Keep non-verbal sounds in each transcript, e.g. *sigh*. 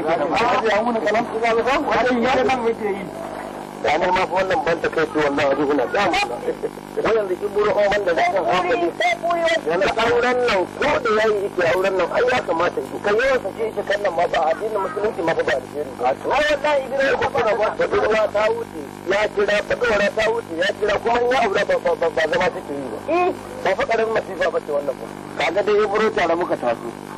muke da ba ya mun kalam ku ga wannan ya yi wannan ban ta kai shi wannan abu ina da yanzu kin buru man da zan hankali yanzu auren nan ko da yayi yake auren nan ai ya kamata ki kai yawan sace shi kan nan ma ba musulunci ma ba da jeri ba wallahi idan ko ko da wata dora ta wuce ya kira fa ta wuce ya kira kuma ya aure ba ba zama take yi ba eh ba fa karin masifa ba ce wannan ba kaga dai ibro tare muka taso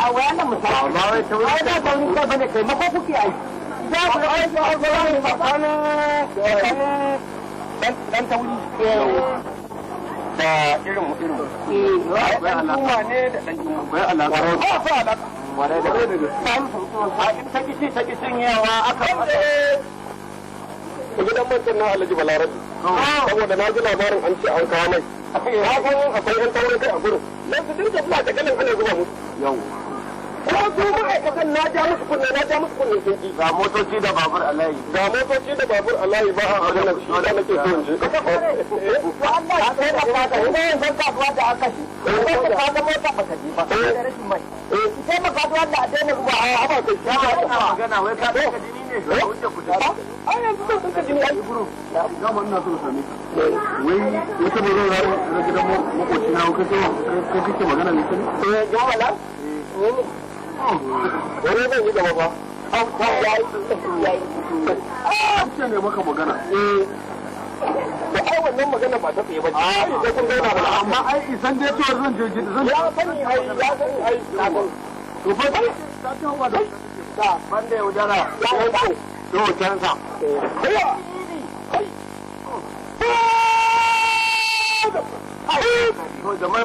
a wayan misali ba wai da irin irin eh, ta ta ta gidan mutum na alhaji balarabi ah. saboda na ji labarin an ce an kawo mai ya eh. san akwai yan taurin kai a gurin lokacin da suna ta ganin ana zuba musu ko su ma'aikatan na ja musu kunne na ja musu kunne sun ji ga motoci da babur a layi ga motoci da babur a layi ba a magana shi da nake so in ji ka ta fara wallahi sai da ina yin ban kasuwa da aka shi ko ta fata mota ba ta ji ba da rashin mai eh sai ma fata wanda a daina zuwa a ba kai shi ba magana wai ka ta jini ne ka wuce ku ta a yanzu sai kuka jini ai guru na mun na so sami wai wata bazawar da gidan makoci na kuka ce ka kike magana ne eh jama'a ne eh. eh. Wani zan yi gaba ba. Ya yi ya yi. ce ah! ne maka magana. Eh. Da ai wannan magana ba ta fiye ba ce. Ah! Ai, da kun gaina ba. Amma ai isan da tuwar zan je gidi zan. Ya sani ai, ya sani ai. To ba ta ta ta wa da. Ta, ban da yaudara. Ya yi ba. Yau cansa. Kai. Kai. Ai. To da mai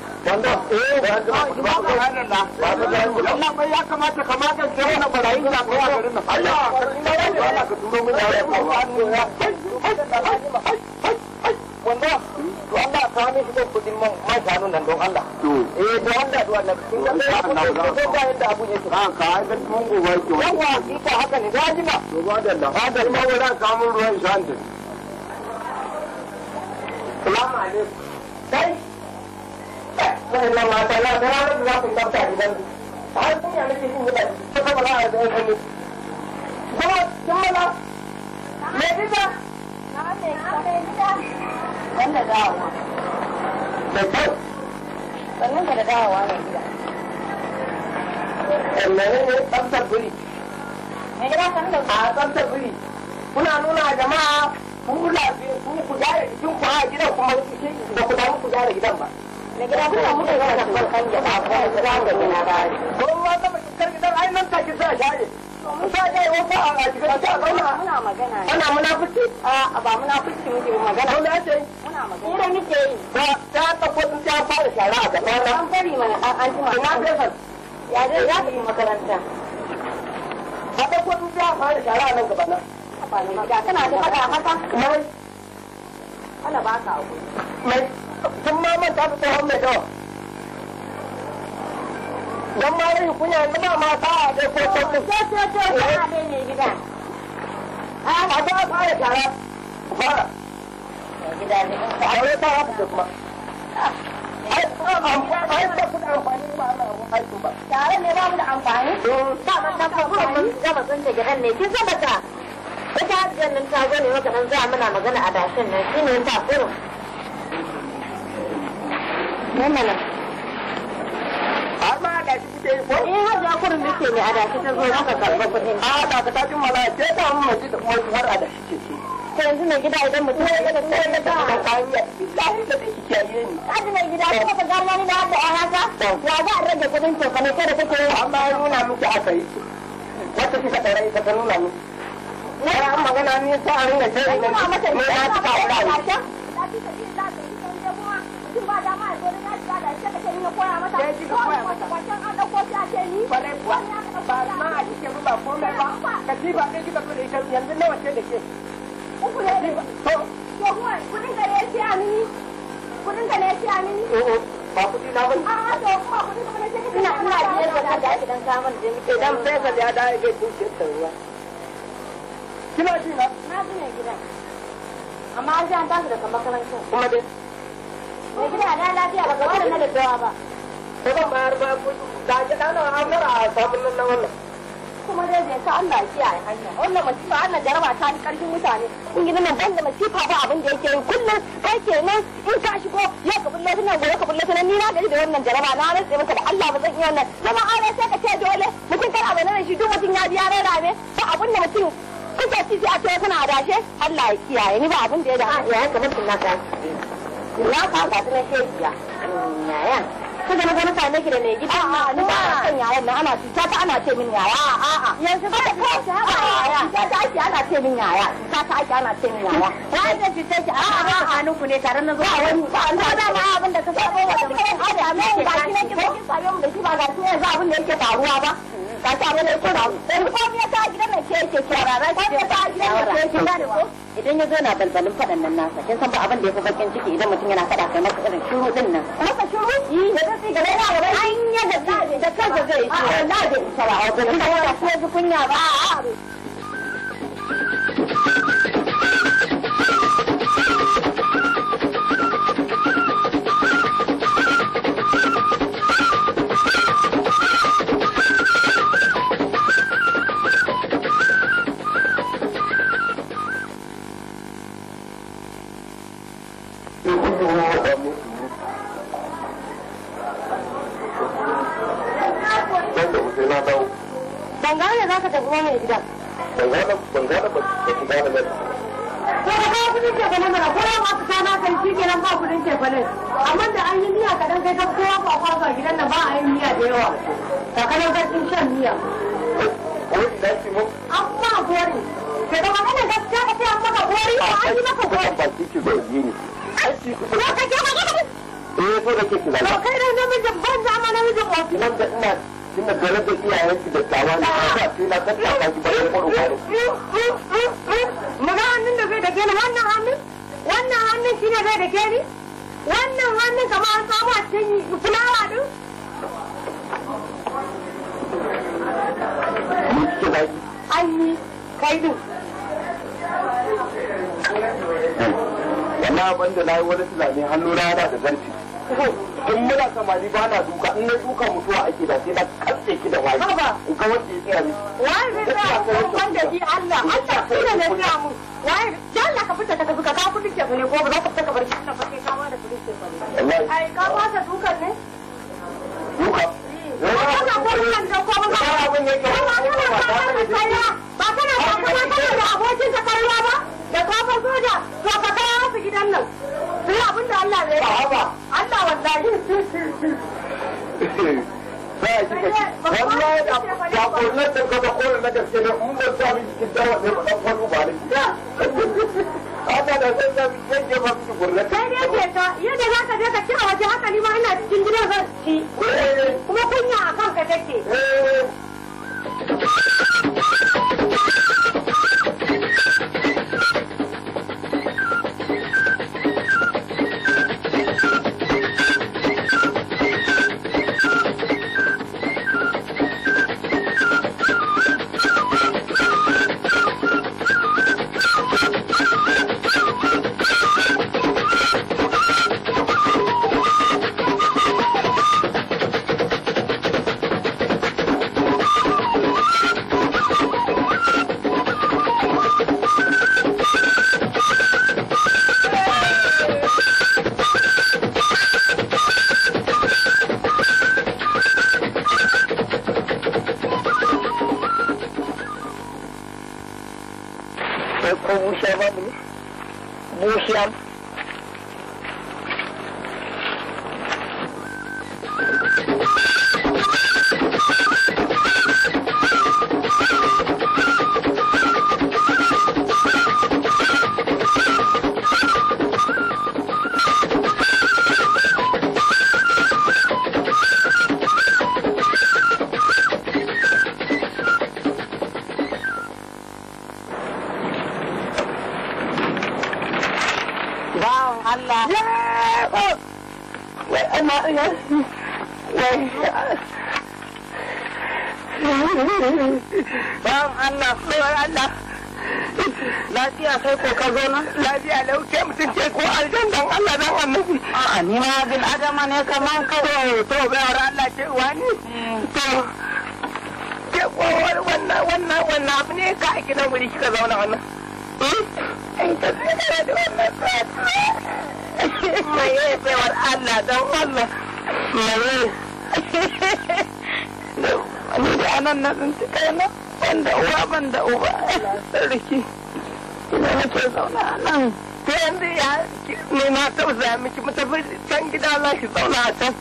Wanda, ya wannan a ne, ruwan waɗannan na da ranar za su tsafta a da da ne kuna nuna jama'a ku lafiya ku a kuma gidan ba da gida kuma muka ba nan a jaye ta muna magana muke magana ko ce muna magana ira muke yi ba ta tabbata ta fara shara a gaba na an bari mana an an ji ya dai yi makaranta a tabbata ta fara shara a nan gaba na ba ne magana kana da haka mai ana ba ka abu mai sun ma manta da tsohon mai dawa don ma kunya yanzu ba ma a ɗai ko ko ko ko a ne gida a ba a tara fara gida ne a wani ta haka da kuma ai ba da amfani ba ana abun aikin ba tare ne ba mu da amfani ba man dan ba kuma mun gama sun da gidan ne kin san ba ta zo ne maka nan za muna magana a dashin nan ne mana amma da shi kike ko eh har ya kurin nake ne a da shi ta zo maka karɓar kuɗin a da ka tafi mala ce ta mun mace da kuma har a da shi ke ko yanzu mai gida idan mutum ya ga da sai da ta kariya billahi da kike kiyaye ni kaji mai gida kuma ka gano ni da haka a haka ya za a rage kuɗin to kana sai da kake amma ya nuna miki aka yi wata kika tsare ita ta nuna miki na magana ne sai a ringa sai ne ma mata ne ta ta ta da ya kika koya mata an a kwarai kuwa ba ma a kike ba ba komai ba ka ci ba kai kika so da yanzu nawa ce da ke uku ne ne to to kudin ka ne ya a mini kudin ka ne ya siya mini o'o ba kudi na bane a to kuma kudin ka ne ya siya mini ina ina biyar da ka da ake dan samu da muke dan fesa ya da ya ga kuke ruwa kina ji na na ji ne gidan amma an ji an tashi daga makarantar kuma dai mai gida da lafiya ba ga wannan na da dawa ba ko zan bayar ba da ji ɗanar hanyar a sabon nan wannan kuma dai zai sa Allah kiyaye hanya wannan masifa Allah jaraba ta ni karfin mutane kun gina nan banda masifa ba abin da yake yi kullum kai nan in ka shigo yau ka bulle tunan gobe ka bulle tunan ni na gari da wannan jaraba na rantsa maka da Allah ba zan iya wannan kuma aure sai ka ce dole mutum kana ba da shi duk mutum ya biya rai rame ba abin da mutum kuka ci sai a ce kuna adashe Allah ya kiyaye ni ba abin da ya da ya kamata na ka na ka ga tunan yaya ka ga na ki da mai gidan na ni ba na son yayan nan ana cuta ta ana ce min yaya a'a yanzu ba ta kawo ta yaya ta ake ana ce min yaya cuta ta ake ana ce min yaya wai da cuta ki a'a ba tsakanin ku ne tare na zo ba wani ba an da ma abin da ka sabo wa da mutum a da mai ba ki ne ki ba ki sabo da shi ba ga shi yanzu abin da yake faruwa ba ka sa mana kira yanzu ko ya ta gidan nan ke yake kira ba ko ya ta gidan nan ke yake kira idan ya zo na balbalin fadan nan nasa kin san ba abin da yafi bakin ciki idan mutum yana fada kai masa irin shiru din nan masa shiru yi da sai ga yana gaba an yi da da kanka zai yi wallahi da isa ba a wajen da ya kunya ba gidan nan ba a yin miya da yawa sakamakon gaskin shan miya wani gori ke da magana gaskiya ka ce an maka gori ba an yi maka gori ba ki yi ni ko ka ke magana eh ko da ke kai da namijin namijin da ina kina da da tawa ne ba ki na ka ta ki ba ko ko da da wannan hannun wannan hannun shine zai da ke wannan hannun kama an samu a cikin fulawa din an kai din wannan abin da na yi wani tunani hannu rana da zanci in muna samari ba na duka in na duka mutuwa ake da sai na katse ki da waye in ga wanda ya waye ko wanda bi Allah Allah shi ne ya mu waye ka fita ka ka ke ko ba ka fita ka bar shi ka fake ka ma da kudin ke ne ai ka ba ka dukan ne duka Kana gurkan da ko ba. Ba kana fara da kaya. Ba kana fara kana da abokin ka karwa ba. Da kafar soja to ka kai musu gidan nan. Sai abin da Allah zai yi. Allah wallahi. والله يا قلنا تبقى تقول لك كده مو بس عم كده تقول بالك هذا ده ده بيجي ما بقول لك كده كده يدا هكا ده كده وجه هكا لي ما انا cikin gidan zarci kuma kunya a kanka take Bayan Allah, bayan Allah. Lafiya kai ko ka zo nan? Lafiya lauke mutum ce ko aljan Allah annabi. A'a ni ma bin adama ne kaman kawai. To bayar Allah ce To ke wannan wannan wannan abu ne ka aiki na wuri kika zauna wannan. Eh? Ai da wannan. mai yi tsawar Allah don Allah da anan na tsinci kaina da uwa uba sarki ina na zauna nan ta yanzu ya ne na miki mu tafi can gida za ki zauna a can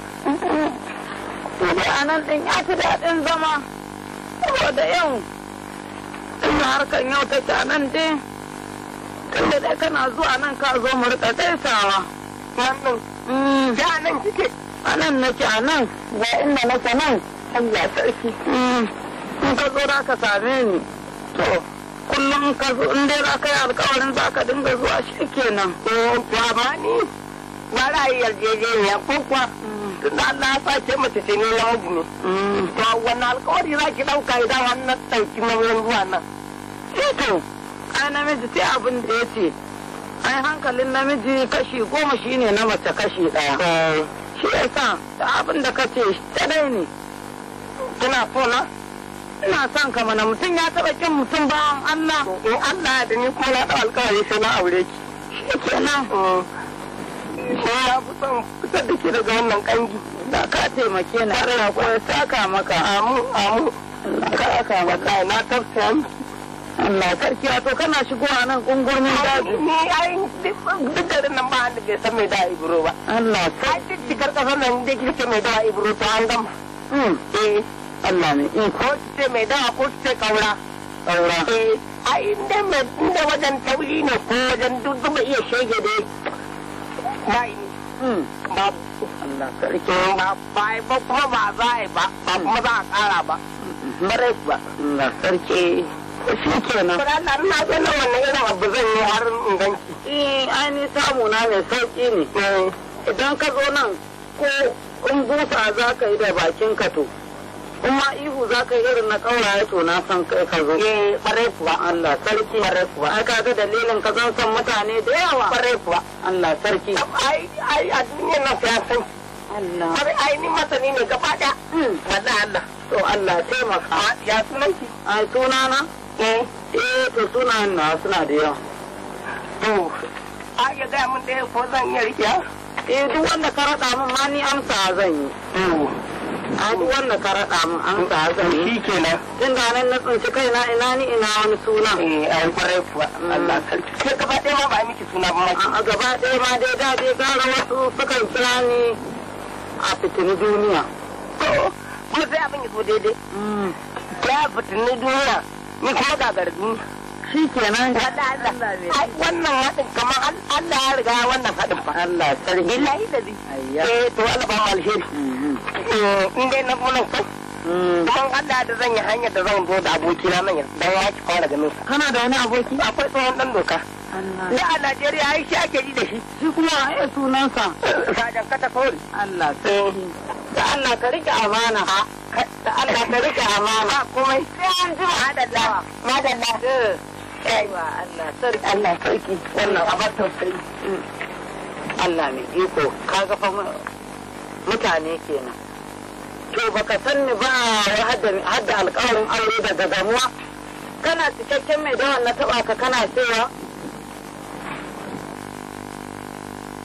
da anan din ya fi daɗin zama saboda yau ina harkar yau ta dai tunda dai kana zuwa nan ka zo mu rika gaisawa nan mm. ya nan kike a nan nake a nan ga inda nake nan Allah sarki mm. in ka zo ka same ni to kullum ka zo in dai za ka yi alkawarin za ka dinga zuwa shi kenan ba ba ni ba ra yi yarjejeniya ko kuwa mm. tun da Allah ya sace mace ce ne na mugu ne to wani alkawari za ki ɗauka idan wannan ɗauki nauyin zuwa nan. Sai ai namiji sai abin da ya ce ai hankalin namiji kashi goma shine na mace kashi ɗaya eh. shi sa da abin da ka ce ta dai ne tana so na ina son ka mana mutum ya taɓa kin mutum bawan Allah in Allah da ni kuma na ɗau alƙawari sai na aure ki shi kenan shi eh. ya fi son fitar da ke daga wannan kangi? da ka taimake na har na kuma saka maka amu amu ka aka maka na tafsiya miki Allah sarkiya to kana shigowa nan kungurmin daji. Ni ai duk garin nan ba da san mai da ibro ba. Allah sai. Ai duk kasar nan da kike mai da ibro ta an gama. Hmm. Eh. Allah ne. Ko ce mai da ko ce kaura. Kaura. Eh. Ai inda mai inda wajen tauri ne ko wajen duk ba iya shege da ba ba Allah sarki eh, ba ba kuma ba za a yi ba ba hmm. kuma za a kara ba. Mare hmm. ba. Allah sarki. shi kenan ko Allah ina na wannan irin abu zan yi har in ganki eh ai ni samu na ne sauki eh. ne idan ka zo nan ko in busa za ka yi da bakin ka to kuma ihu za ka yi irin na kauraye to na san kai ka zo eh bare kuwa Allah sarki bare kuwa ai ka ga dalilin ka zan san mutane da yawa bare kuwa Allah sarki ai ai a duniyar na. ya san Allah bare ai ni masani ne gaba daya hmm. wallahi Allah to Allah taimaka ya sunanki ai sunana eh to suna na suna da yawa to a ya gaya min ɗaya ko zan iya riƙe eh duk wanda ka raɗa min ma ni amsa zan yi a ah, duk wanda ka raɗa min amsa zan yi shi kenan tun da nan na tsinci kaina ina ni ina wani suna eh ai kwarai kuwa Allah mm. sarki sai gaba ɗaya ma ba a miki suna ba a gaba ɗaya ma dai da dai gara wasu sukan kira ni a fitini duniya ko sai abin ya zo daidai ya mm. fitini duniya in kuma gagarbi shi kenan da Allah mai wannan hadin kamar Allah ya riga wannan hadin fa Allah sarki billahi da bi eh to Allah ba mal shi mm-hmm. eh, in dai na mun ko mm. kuma Allah da zan yi hanyar da zan zo da abokina nan dan ya ci fara ganin sa kana da wani aboki akwai tsohon dan doka Ya a Najeriya ai shi ake yi da shi. Shi kuma ya sunansa. Sajan kata kawai. Allah sai. da Allah ka rike amana da Allah ka rike amana kuma sai an ji madalla madalla eh. eh. aiwa Allah sarki Allah sarki wannan abar tausayi mm. Allah mai iko ka ga fa mutane kenan to baka sanni ba hadda alƙawarin aure daga damuwa kana cikakken mai dawan na taba ka kana cewa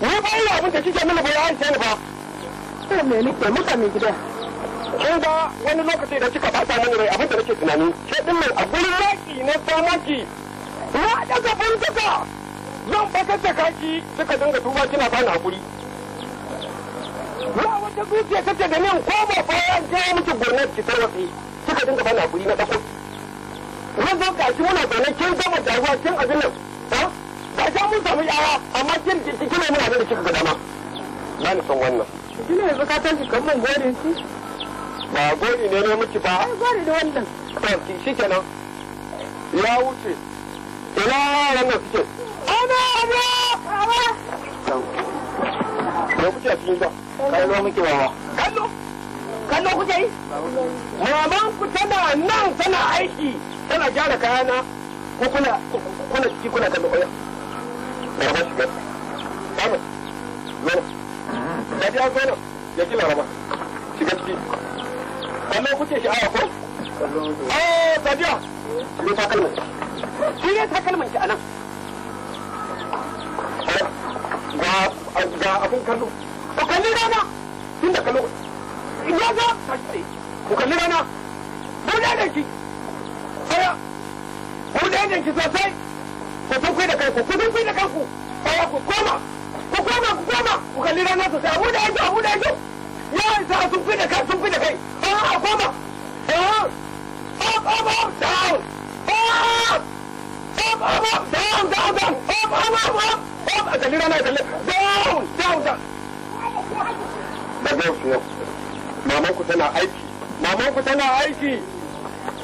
ni ba ina abin da kike mini bayan ta ni ba to me nake muka mai gida kin ga wani lokaci da kika bata mini rai abin da nake tunani ke din nan a gurin laki na samo ki na daga bantaka zan fakar da kaki suka dinga duba kina bani hakuri ba wata zuciya take da nan ko ba bayan ta miki gurnar ki tarwatsi suka dinga bani hakuri na dako mun zo kashi muna zaune kin gama jaruwa kin abin nan ba sai mun samu yawa amma kin ki kina mun abin da kika ga dama ba ni son wannan kina yanzu ka tashi kan mun gode ki ba gori ne ne miki ba gori ne wannan to ki shikenan ya wuce ina wannan suke ana ana ana kuke a cikin ba kallo muke wawa kallo kallo kuke yi maman ku tana nan tana aiki tana gyara kayana ko kuna kuna ciki kuna kallo laraba shiga samu zo na biya zo nan ya ki laraba shiga ciki kallon kuke sha'awa ko eh badiya shiga takalman shiga takalman ki anan ga ga abun kallo ko kalli rana tun da kallo ya ga ko kalli rana burda da ki saya burda da ki sosai ko kun da kanku ko kun da kanku kaya ku koma ku koma ku koma ku kalli ranar su sai abu da yanzu abu da yanzu yawan sa sun fi da kai sun fi da kai a koma up up up down up up up up down down down up up up up up a kalli ranar kalli down down down da zai su yau mamanku tana aiki mamanku tana aiki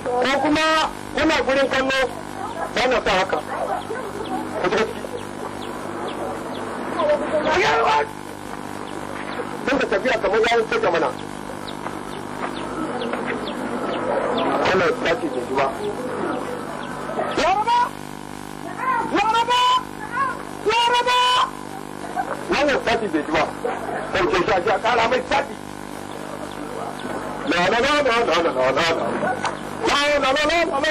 ko kuma kuna gurin kallo ba na sa haka Tun da tafiya kamar yawon soja mana. Allah ya sake jinjuwa. Yaraba! Yaraba! Yaraba! Wannan sati bai jiwa. Sauke shi a shi a kara mai sati. La la la la la la la la la la la la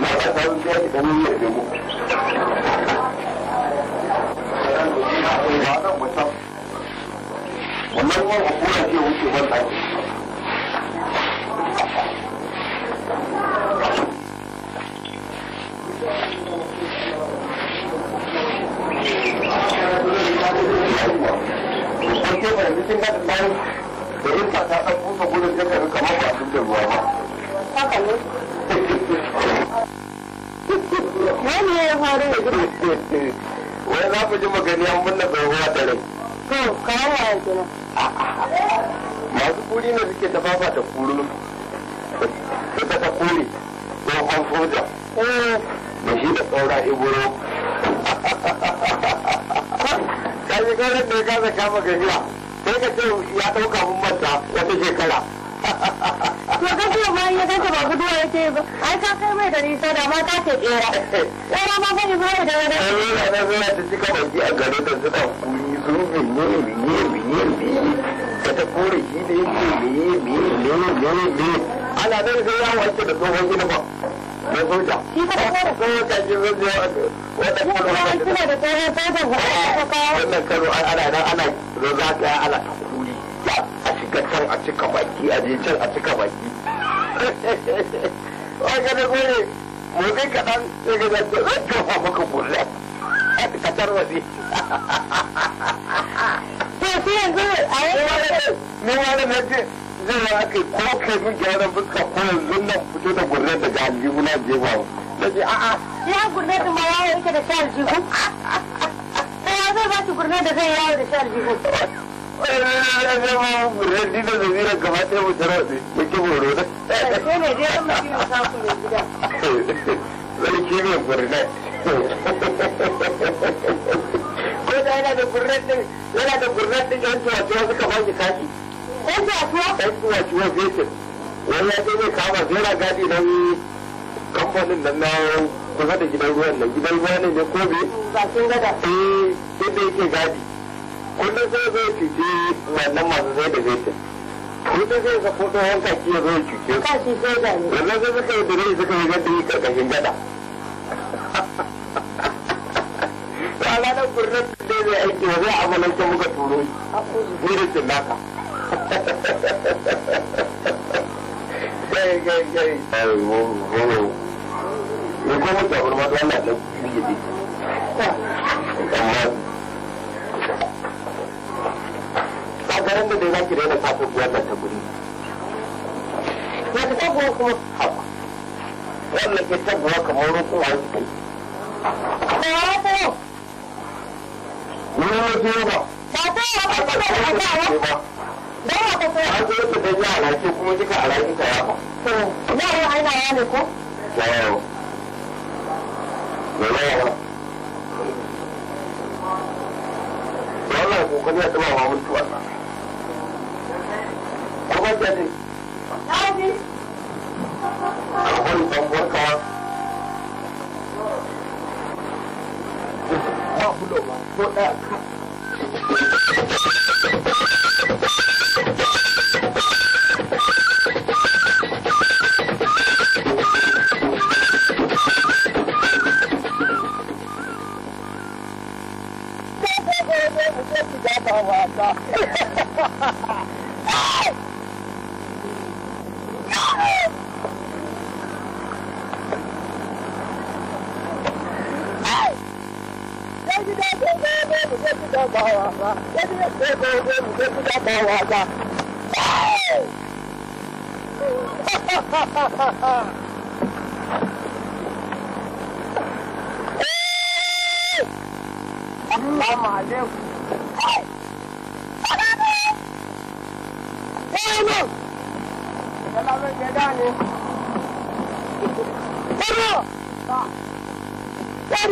ma ta ɗan biya ki ɗan yi da mu wannan ruwan ce wuce ban da ba wani ya faru da gina *laughs* wai za ku ji magani an da rai to kawo gina masu kuri ne suke ta fafa kuru suka ta kuri tsohon soja eh. da shi da tsaura iburo *laughs* da ya gaza kama sai ka ce ya ɗauka mun manta wata shekara to kan kuma ya ganta ba guduwa ya ce ba ai ka kai mai da nisa da ma ta kera tsera ma zai ba da wani na zuwa ta cika baki a gare ta suka zuwa ne ne ne ne ta kore shi da yake ne ne ne ne ana zai zai ya wace da tsohon gina ba na wannan kano ana ana cika can a cika baki a je can a cika baki wani da gore motsi kadan sai ga zai zai tofa maka gurla ka ne to sai yanzu a yanzu ne ma ne na ce zai ya ake ko kai mun gyaran fuska ko yanzu nan fito da gurla daga aljihu na je ba na ce a'a ya gurla da ma ya yake da shi aljihu *laughs* sai ya zai ba shi gurla da zai yawo da shi aljihu Rendi da zabira gaba ɗaya mu ne, da. ne da gadi nan kamfanin nan kusa da gidan ruwan nan. Gidan ruwan ne ko be? Bakin gada. Eh, sai da yake gadi. kullum sai zai cuce wannan masu zai da zai kullum sai sa kuɗin wanka ki ya zai cuce ka ci da ne wannan sai suka yi da rai suka yi gadi karkashin gada kwana na kurnan da zai aiki wa zai amalanta muka turo shi da cin naka gai gai gai ne kuma tabarma da Allah da kudi ne daga nan da dai za ki daina kafin wannan ta guri ya ta tabuwa kuma hawa wannan ke tabuwa kamar rukun a wasu kai da ya ta Wani wasu yau ba. Ta ta yi wata kuma da ta yi ba. Don wata kuma. An zo ta dan yi alaƙi kuma kika alaƙi ta yawa. To, za a yi aina ya ne ko? Yawo. Yawo Wannan kokon ya tsama wa mutuwa na. Akwai da ne. Akwai tambuwar kawa. Ba bulo ha ha ha! ba ba wani mu sai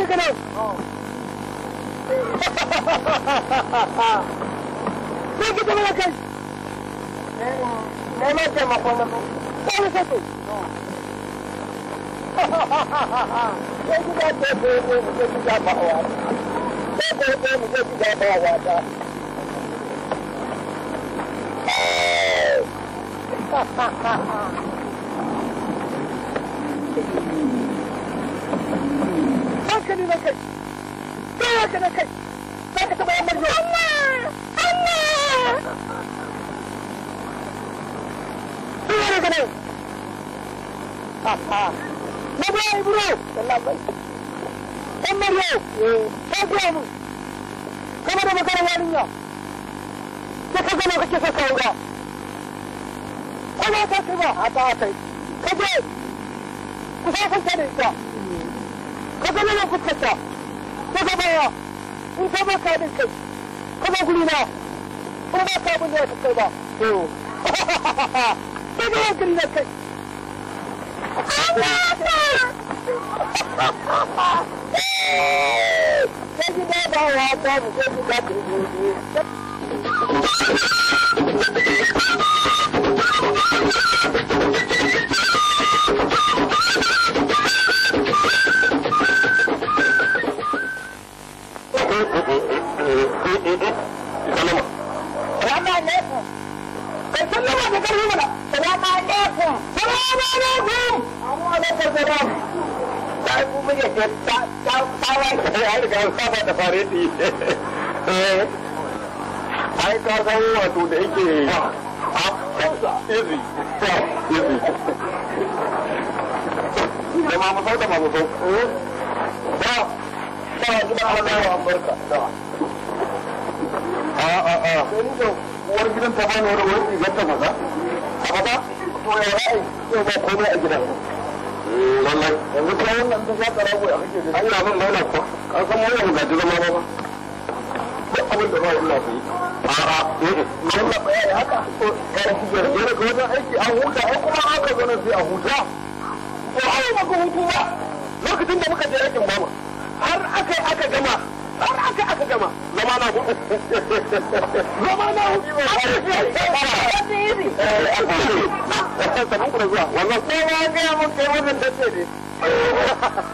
ba Sai ki kai. ma Sai Sai ki ga ta ko ko ki ga ba wa. Sai ko ko ki ga ba wa ta. Ha ha ha ha. labai eh, ya *laughs* Thank you. fareti eh. ai ka san wato da yake izi ah. izi ah, ah, da ma musau da ma musau eh. da da wasu da ala yawa barka da a a a uwar gidan ta bani wani wani rigar ta maza a maza to ya ra'ayi zai ba komai a gidan eh, lallai yanzu kuma wannan duk ya tsara goya kake da ai na bin mauna kuwa an san mu ga ta zama ba duk abin da ba a'a mun la bayani haka ko ga aiki an huta kuma aka sai a huta ko ai ba ku hutu ba lokacin da muka je aikin har aka aka gama har aka aka gama zama na hudu zama na hudu ba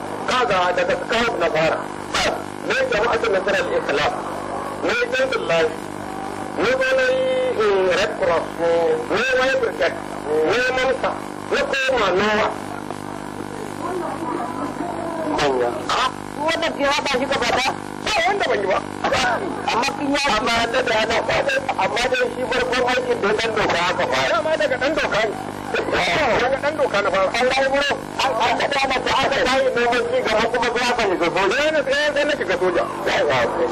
kaga daga kawo na fara ne jama'atul nasarar islam ne jandun lafi ne wani eh, red cross ne wani protect ne mamsa na koma nawa wannan ba shi gaba ba wanda ba amma in ya amma da da ana fada amma dai shi farkon aikin da dan doka aka fara dama daga dan doka ne daga dan doka na fara an dai an an da dama aka ci gaba kuma za ka ne sai soja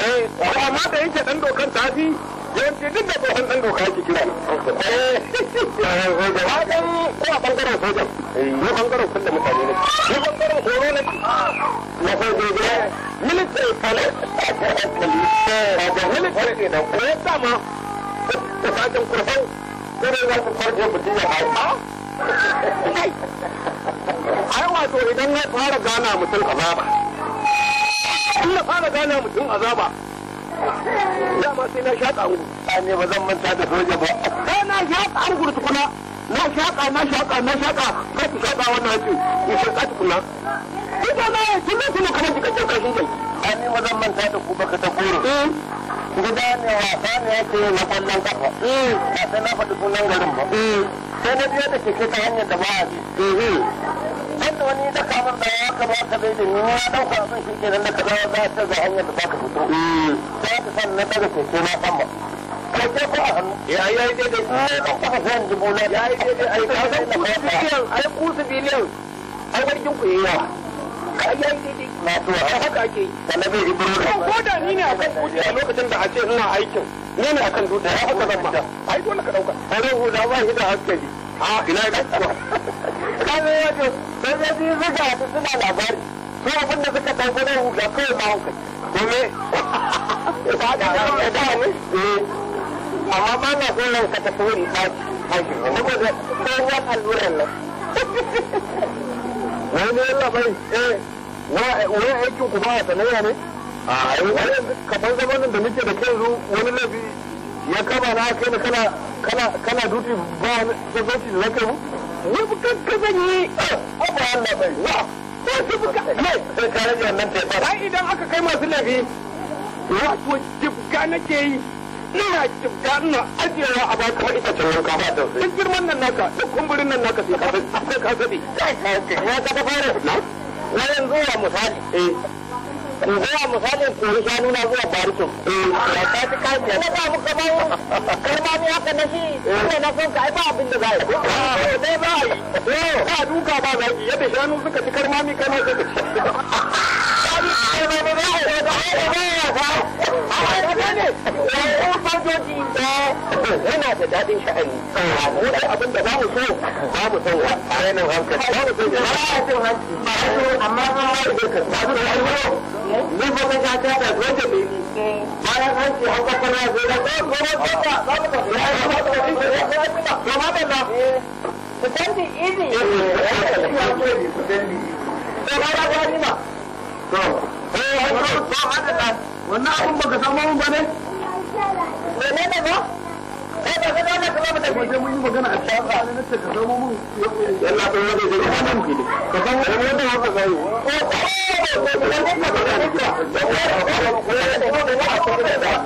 eh amma da yake dan dokan ta fi yawanci duk da tsohon ɗan doka yake kira ne. Gaba ɗan ko a ɓangaren sojan, ne ɓangaren kun da mutane ne, ne ɓangaren horo ne, na sojoji ne, military police, da military ne da kuma ya sama da sajin kurfan, ko za su farje mutum ya hau. Ai wato idan ya fara gana mutum azaba. In na fara gana mutum azaba, dama sai na shaƙa angur a ne ba zan manta da soja ba sai eh, na tukuna na na na ka ki wannan ki tukuna ita na tun kamar a ne ba zan manta da ku baka ta gida ne wasa ne na kwallon kafa eh. ba sai na faɗi sunan garin ba eh. sai na da keke ta hanyar da ba a wani da kamun da ya kamata dai da ni ya dauka abin shi kenan da kaza ta hanyar da baka fito mm. ta san na daga keke na ko a hannu ya ya dauka ka ji bola ya ai ka san ku biliyan ai ku su biliyan ai ku ko da ni ne akan a lokacin da a ce ina aikin ni ne akan dutse ya haka zan ai dole ka ba shi da a ina ina kaga wato sai da ji zuga su suna labari su abin da suka tafi na hula kawai ma hukun kome ba da ya da ne eh. amma ba na so nan ka tafi wuri ba saboda tsohon alluran nan wani yana bai eh wani aikin ku ba a ne a yanzu kamar zamanin da muke da kai wani laifi ya kama na kai kana kana kana duti ba da zoti da kai ne bukan ka zanyi ah, ba ba Allah bai wa ko su buka ne sai ka rage wannan tefa ai idan aka kai masu laifi wato nake yi ina jibga ina ajiyewa a baka wani ita cewa ka ba duk girman nan naka duk kumburin nan naka sai ka sai ka sabi ya ka fara na yanzu ya misali eh zuwa misalin kori shanu na zuwa barikin da eh, ta fi kai na ba mu kamar karma ne haka na shi ne eh. na son ka ba abin da za yi eh, ba yi ba duka ba za yi yadda shanu suka ci karma ne kana da yana da daɗin sha'ani mu dai abin da babu so babu so a ranar hankali babu so amma ba ne fata ka ta da zuwa da bayan an da ko ta ta ta ta ta ta ta ta da da da kuma magana a tsaka ne ka da wannan magana ko sarkin baya za da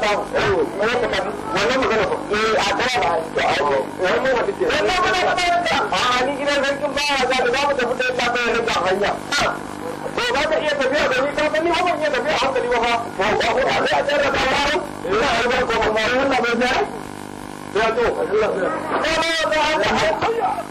zamu da ta da hanya a hankali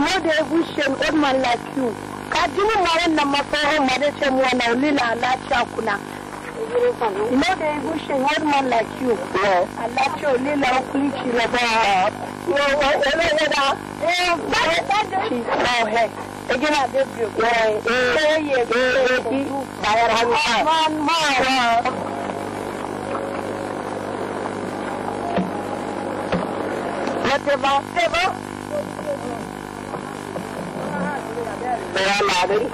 more da bushe an old man ka ji min ma wannan masohon ma dai ce mu wa laulila alaciya kuna more the bushe an old man like you lila hukunci na ba Egina de biyu. Sai ya bi Ma da yala dai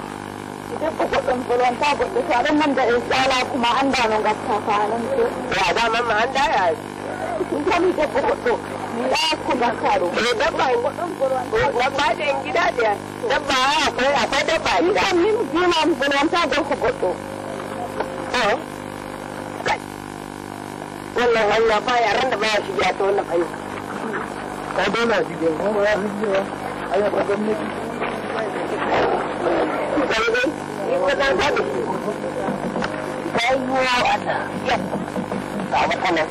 duk ku kudin bulon ta gudu nan da insala kuma an da nan gaskiya kwanan ce ya da man ma an da ya kun kami da ku kudu ya ku da karo eh dabba kudin bulon dabba da in gida da dabba akwai akwai dabba gida kun min jiman bulon ta gudu kudu eh wannan hanya ba yaran da ba ya shiga ta wannan hanya ka dole shi da kuma ya babu bayyo ana yau ga matsalar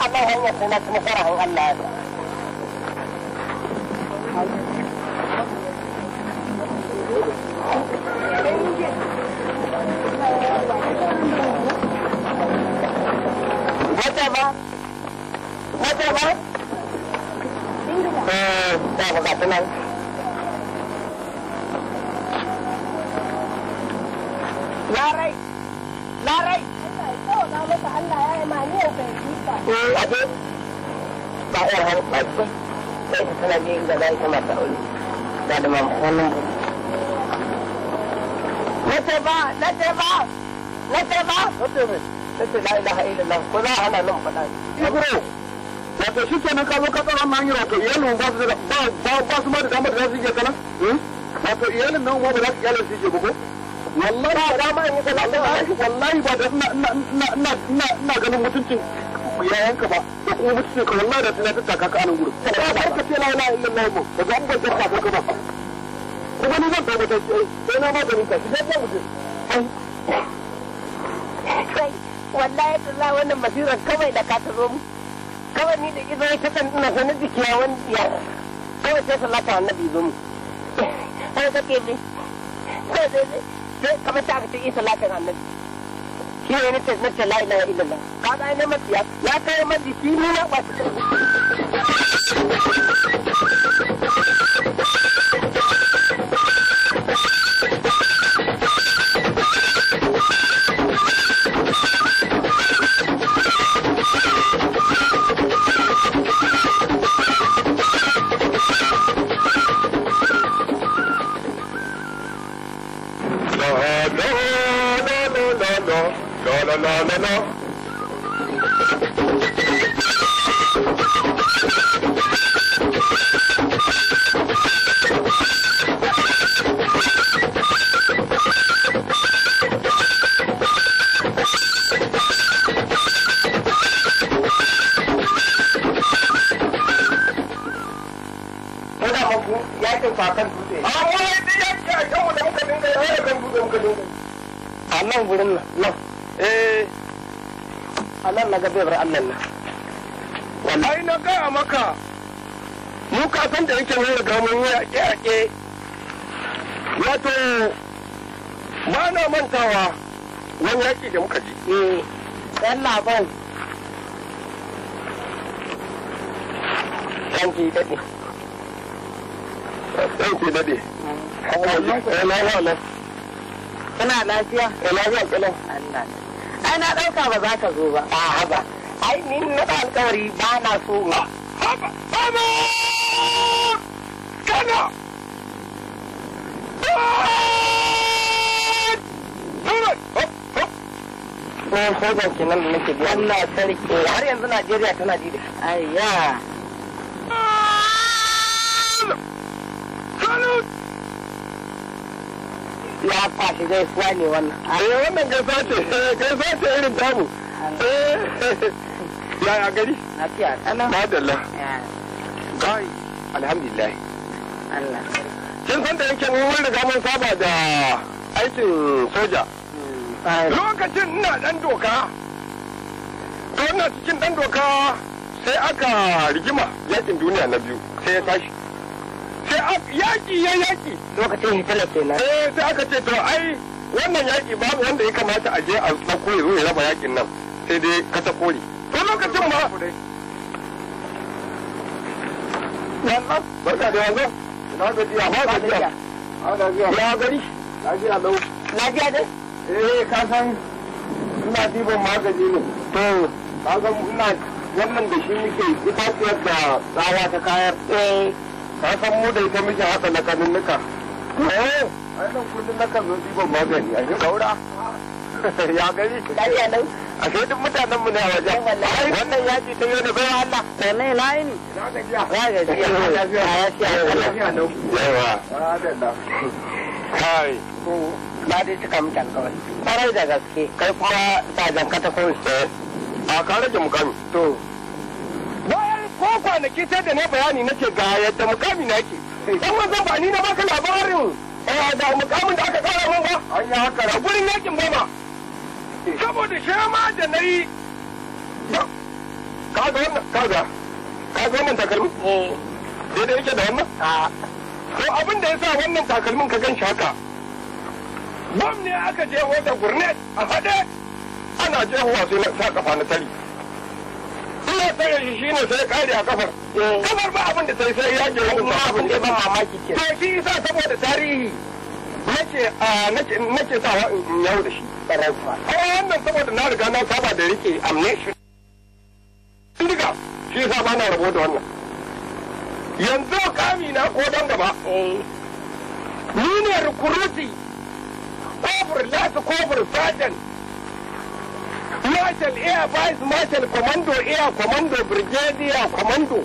hanyar Allah ya ba? wata mai tace la ilaha illallah ko za a hana nan faɗa ibro wato shi kenan ka zo ka tsara wannan hanyar wato iyalin ba su da ba ba su ma da damar da za su je kana hmm? wato iyalin nan ma ba za su iyalin su je ba wallahi ba yi wallahi ba da na ganin ba da kuma mutuncin ka wallahi da tunatar ta kaka anan gurin ba ce la ilaha illallah ba ka ba kuma ni zan tabbatar sai na maganin ka shi zai ta mutum wanda ya tsalla wannan masirar kawai da ka ta zo kawai ni da izinin kasan ina sanar da ciyawan ya kawai sai salata wannan zo mu har ka ke bi sai sai kamar ta ce in salatin annabi shi ne nace nace la ilaha ba ka ga ne matiya ya kai maji shi ne na kwaci cewar Allah na. Ai na gaya maka mu ka san da yake nuna ga mun ake ake, wato ba na mantawa wani yaki da muka ji. Yan labau. Yanki daɗe. Yanki daɗe. Kana lafiya? Kana Lafiya kala. Allah. Ai na ɗauka ba za ka zo ba. A haba. ai ni na ba alkawari ba na so ba haba haba kana Tsohon sojan kenan da nake biya. Allah sarki. Har yanzu Najeriya tana ji da. Ayya. ya fashi gaisuwa ne wannan. Eh wannan gaisuwa ce, eh, gaisuwa ce irin tamu. *laughs* yaya gari lafiya kana madalla gai alhamdulillah Allah kin san da yake mun riga mun saba da aikin soja hmm, lokacin ina dan doka to ina cikin dan doka sai aka rigima yakin duniya na biyu sai ya tashi sai yaki ya yaki lokacin hitler kenan eh sai aka ce to ai wannan yaki babu wanda ya kamata a je a dauko ya zo ya raba yakin nan sai dai kata kori wani lokacin ma barka da yanzu na gajiya ba gajiya ya gari lafiya lau lafiya dai eh ka san ina diban magaji ne to ka san ina wannan da shi muke itaciyar da tsawa ta kayar eh ka san mu da ita muke hasa na kanin nuka eh ai nan kullum nakan zo diban magani a yi kaura *laughs* ya gari lafiya lau ashe duk mutanen mu ne a wajen wannan yaji ta yau ne bai Allah sai na yi ni. *laughs* na gajiya na gajiya na gajiya lafiya lau yawa kai ba dai cika mutan kawai kwarai da gaske kai kuma sajan katakon a ka rage mukami to bayan ko kwanaki sai da na bayani nake ga yadda mukami na ke dan wanzan ba ni na baka labarin da eh, mukamin da aka kara mun ba an yi haka gurin yakin ba saboda shama da na yi kaga wannan kaga kaga wannan takalmi eh. daidai yake da wannan to abin da ya sa wannan takalmin ka gan haka bam ne aka je da gurnet a haɗe ana jehuwa sai na sa kafa na tari ina tsare shi shine sai kare a kafar eh. kafar ba abin da sai sai ya ke wani abin da ba mamaki ke to shi isa saboda tarihi Ah, nake nake sawa in yau da shi tsaron kuma wannan saboda na riga na saba da rike amneshi sun diga shi yasa ba na rabo da wannan yanzu kami na ko dan gaba eh. ni ne rukuruti kofur lati kofur satan marshal air vice marshal commando air commando brigadier commando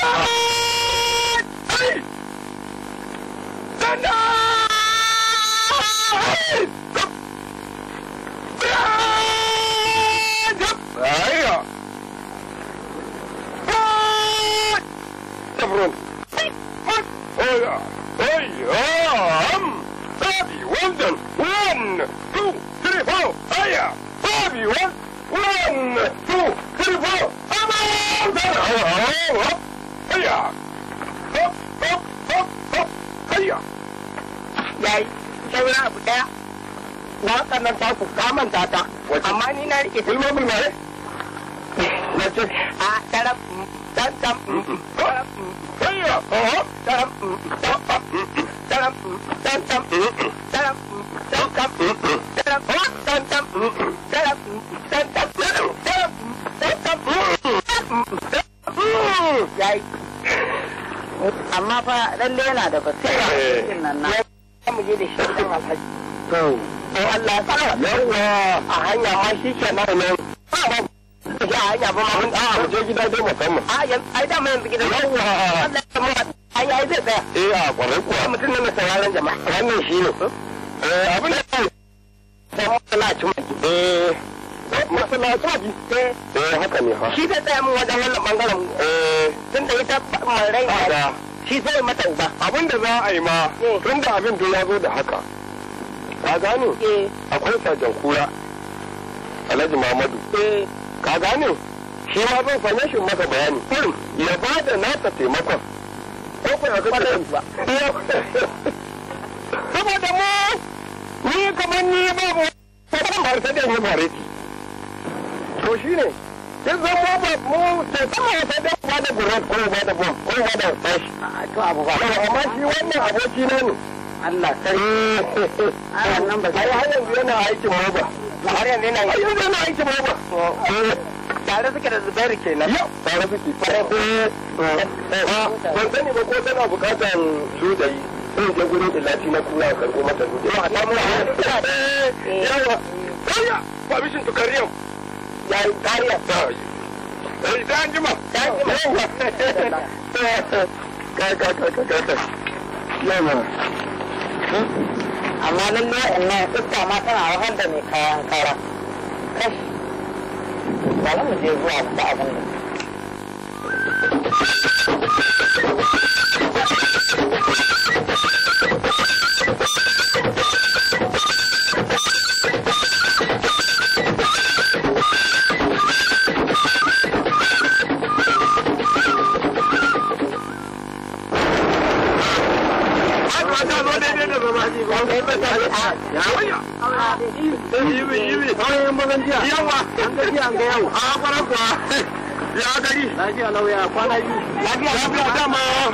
Oh, two, three, four. hayya yayi abu daya na ta ku ta amma ni na rike a dan dan dan dan dan dan dan dan dan dan dan dan yayi amma fa lalle yana da basira eh. cikin nan na mu je da shi cikin alhaji to to Allah ya sa yawa a hanya ma shi ke nan ne a hanya ba mun a je gida a ai da yanzu gida yawa Allah ya mu ai ai zai tsaya eh a kwarai mutum ne sauraron jama'a wannan shi ne eh, abin da na wato bi. kwaji eh haka ne ha. shi ta tsaya min wajen wannan bangaren eh tun da ita mai rai shi sai mata uba abin da za a yi ma eh. tunda abin duk ya zo da haka ka gane eh. akwai sajan kura alhaji mamadu eh. ka gane shi ma zan same shi masa bayani ya ba da nasa taimakon ko kuma ya kace ba *laughs* saboda mu ni kamar ni babu sabon ba sai da ni bare ki to shi ne duk zan mu ba mu ba da gurin ko ba da bom ko ba da to abu ba amma shi wannan aboki ne Allah eh, a nan ba sai har yanzu yana aikin mu ba har yanzu yana yana aikin mu ba tare suke da zubairu tare suke tare eh, eh, ban sani ba ko tana bukatar shudayi sai je gurin na karko mata ba ta mu ya yi kariya ta yi ta jima ta amma nan ne in ma tana wahar da mai kayan kara kai mu je zuwa ta abin Lafiya lauya kwana biyu. Lafiya lafiya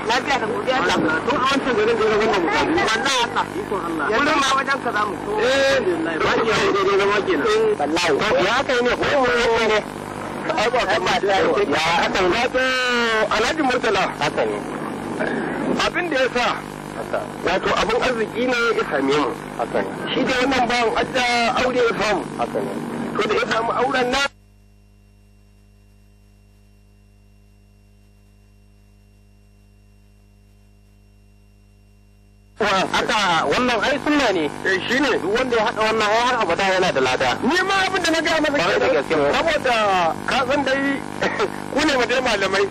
Lafiya da godiya da. garin garin wannan mutane. Wallahi Allah. Ikon Allah. Yanzu ma wajen ka zamu. Eh. kenan. Eh. Wallahi. ne ko eh, ne. Ai ba ma ta yi. Ya haka ne. Alhaji Murtala. Haka ne. Abin da sa wato abin arziki ne ya same mu. Haka ne. Shi da wannan adda aure ya samu. Haka ne. To da ya samu auren nan sunna ne eh, shi ne duk wanda ya haɗa wannan ya har abada yana da lada ni ma abin da na ga masa da gaske saboda ka san dai *laughs* ku ne madai malamai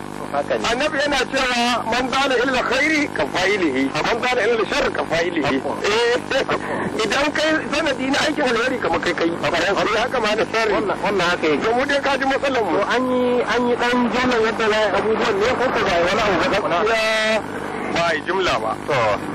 annabi yana cewa man zana illa khairi ka fa'ilihi man zana illa sharri ka fa'ilihi Eh *laughs* idan kai sanadi na aikin alheri kamar kai kai Allah haka ma da sharri wannan haka yake mu dai ka ji matsalar mu an yi an yi dan jama'a yadda za abubuwan ne ko ka ga wani abu ba ba jumla ba to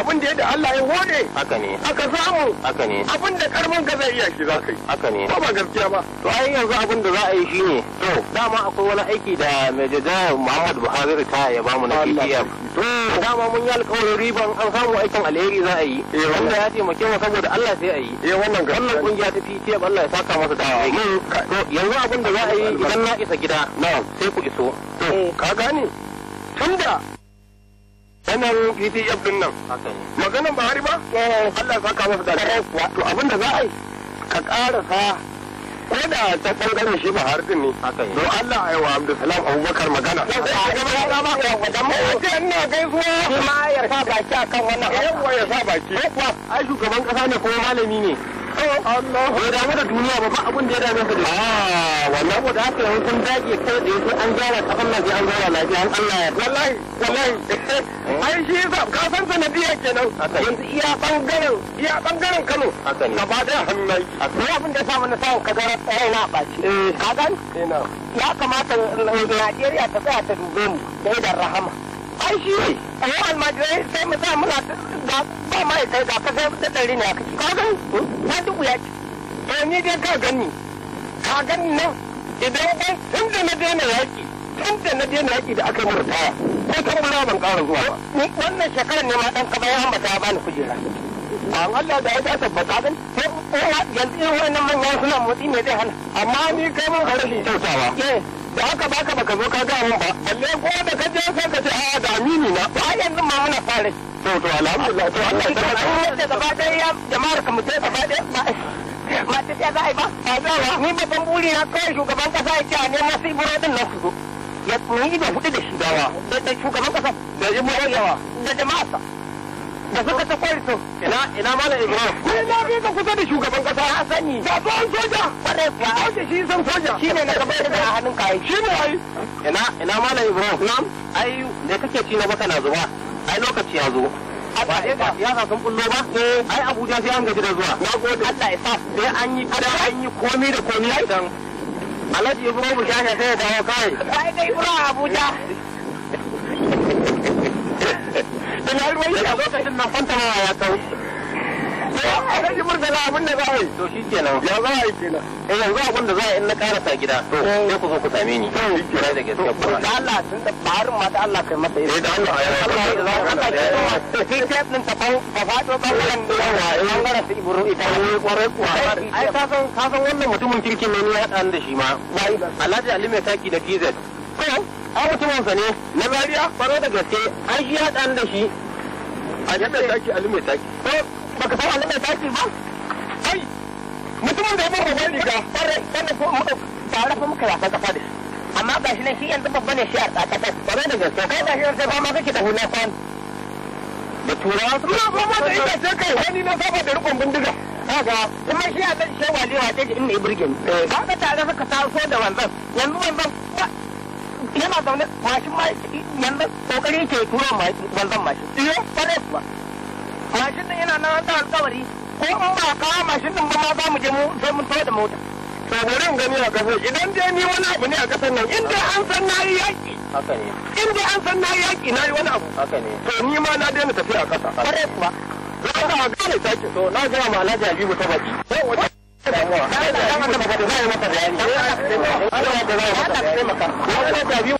abin da yadda Allah ya hore haka ne aka samu haka ne abin da karmin ka zai iya shi za ka yi haka ne ko ba gaskiya ba to ai yanzu abin da za a yi shi ne. to dama akwai wani aiki da majaja Muhammad Buhari ta ya bamu na KTF to dama mun yi alƙawarin riban an samu aikin alheri za a yi eh, wanda ya taimake mu saboda Allah sai a yi eh wannan gaskiya wannan kungiya ta PTF Allah ya saka masa da to yanzu abin da za a yi idan na isa gida na'am sai ku iso to ka gane tunda yanar pdf e din nan maganan buhari ba eh, allah ya saka masa da wato abin da za a yi ka sa. ko da ta bangaren shi ba din ne don allah a yi wa abdulsalam abubakar magana dan eh, ne gaisuwa ma ya sa baki akan wannan yawwa ya sa baki ai shugaban kasa ne ko malami ne bai damu da duniya ba ba abin da ya dame ka da shi ah, wannan abu da haka yanzu sun dage kai da yanzu an gyara kafan nan sai an gyara lafiya an Allah ya wallahi wallahi eh? ai shi yasa ka san sanadiyar kenan yanzu iya bangaren iya bangaren Kano gaba da hannai ni abin da ya samu na samu ka gara tsaye na baci eh. ka gani eh, ya kamata Najeriya ta tsaya ta dube mu da idan rahama ai shi ne ai almajirai sai mu sa muna ba ba ma ya sai da ka sai da ɗari ne aka ci ka gani na duk ya ci to ni dai ka gani ka gani nan idan ban tun da na daina yaƙi tun da na daina yaƙi da aka yi mara ko ta mura ban ƙara zuwa ba wannan shekarar ne ma dan kaba ya hamba ta bani kujera an Allah da ya ta tabbata din yanzu yin wannan manyan suna motsi ne zai hana amma ni kai mun ga rashin kyautawa da haka baka baka zo ka ga mun ba balle ko da ka je sai ka ce a da amini na ba yanzu ma muna fara to to alhamdulillah to Allah ya tabbata da gaba jama'ar ka gaba za a yi ba buri na kawai shugaban kasa ya ce a din nan su zo ya hudu da shi da shugaban kasa da yawa da da suka ta ina ina mala ibrahim ko ina bi ka kusa da shugaban kasa sani da tsohon soja shi san soja shi ne na gaba da hannun shi ne ai ina ina mala ibrahim na'am ai da kake ci na baka na zuba ai lokaci ya zo ba sai ba siyasa sun bullo ba eh. ai abuja sai an gaji da zuwa na gode Allah ya sa sai an yi kada an yi komai da komai dan can alhaji ya bugo buja ne sai dawo kai ai kai bura abuja *laughs* ina ruwan shi a lokacin nan fanta ma ya kai alhaji murtala abin da za a yi to shi kenan ya za a yi kenan eh yanzu abin da za a yi na karasa gida to eh. sai ku zo ku same ni to shi kenan da gaskiya ko da Allah tun da barin ma da Allah kai eh da Allah ya Allah ya za ka kai shi sai din ta fau ba fato ba wannan da ya eh, eh. ngara su iburu ita ne kware kuwa ai ka san ka san wannan mutumin kirkin ne ni ya da shi ma Alhaji Ali mai taki na PZ ko a mutuminsa ne na zariya faro da gaske an shi ya da shi a jami'a taki Ali mai taki baka san wani ba ai mutumin da ya bar babban riga kwarai wannan ko muka tare fa muka kafa da amma ga shi ne shi yanzu babba ne shi a tsakasa kwarai da gaske kai ga shi ba ma kake da da turawa su ma ba ma da ita ce kai wani na saba da rikon bindiga kaga kuma shi a kan shewa ne wace da inda ya burge ni ba ka tare taso da wanzan yanzu wanzan yana zaune mashin ma yanzu kokari ke wanzan mashin eh. mashin din yana nan da alkawari ko in ba ka mashin din ba za mu je mu sai mun tawo da mota to bari in gani a kasar idan dai ni wani abu ne a kasar nan in dai an san nayi yaki haka ne in dai an san nayi yaki nayi wani abu haka ne to ni ma na daina tafiya a kasa kare kuwa za ka gane to na ga ma Alhaji Habibu ta baki sai wata damuwa da da da da da da da da da da da da da da da da da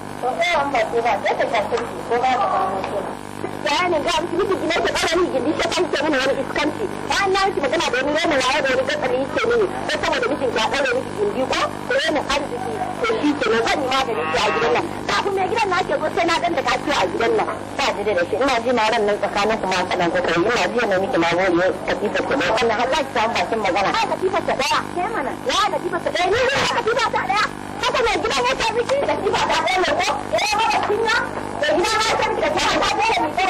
ko sai ba ko ba sai ka ko ba ka ba bayanin ga musu miji gine ta ƙara ni gindi shi kan kenan wani iskanci bayan na yi magana da wani yana waye da wani kasali yake ne ko saboda mijin ya ƙara miki gindi ko ko yana arziki ko shi ke nan zan yi magani a gidan nan kafin mai gidan na ke ko sai na ɗan da kaciwa a gidan nan ba da da shi ina ji ma ran nan tsakanin kuma kaɗan ko kai ina ji yana miki magani ko ba wannan har za ki samu magana ai katifa ta ɗaya ke mana ya katifa ta ɗaya ne katifa ta ɗaya haka mai gidan ya ta miki katifa ta ɗaya ko ko eh mara kunya mai gidan ma ta miki da ta ɗaya ne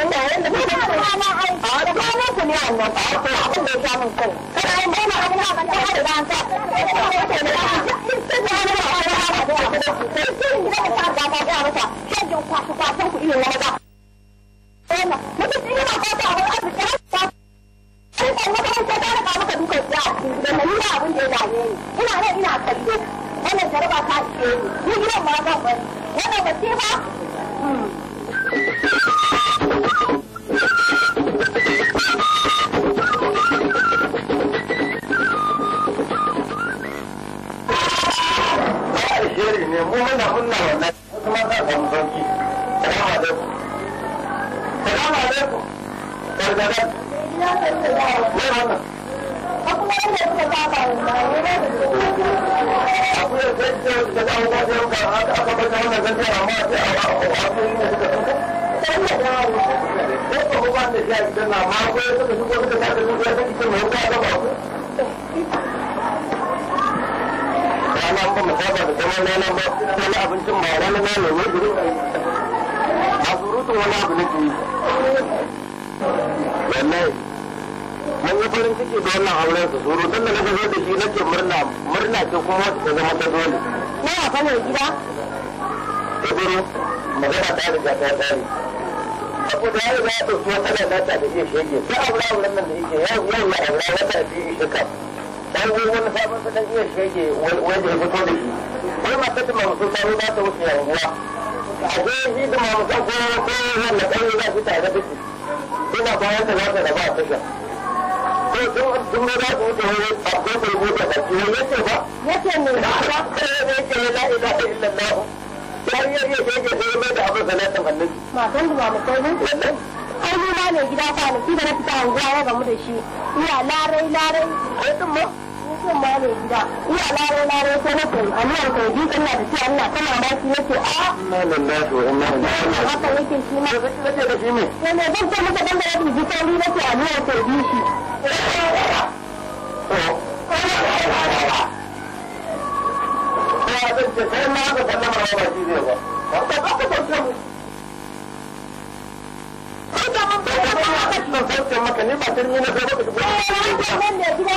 abin da wanda a ba na ne wannan ba ko abin da ya samu kai kada da ban ta da ban ta sai da ba ba ba ba ba ba ba ba ba ba ba ba ba ba har wani wani sabon iya shege wanda ya fito da shi wani matar da mamusu taro za ta wuce yanguwa a je shi da mamusu ko ko yi da yi za su tare da shi suna bayan ta za ta raba a tasha ko sun sun ma za su wuce wani akwai kurbu da baki wani yace ba yace ne ba ba kare ne yake la ilaha illallah ya yi shege sai mai da abin salatin annabi matan da mamusu ne wannan ai ni ma ne gida kwanaki da na fita anguwa ya gamu da shi iya larai larai ai din ma min ma ne gida ina laro laro sai na kai aniyar kai bi da shi Allah kana ba shi yake a inna lillahi wa inna ilaihi raji'un haka yake shi ma da shi da shi ne ne ne ban ce maka dan da kai bi shi sai ma ka sallama ba shi ne ba ka ka ka sallama ka ka ba ka ka ka ba ba ka ka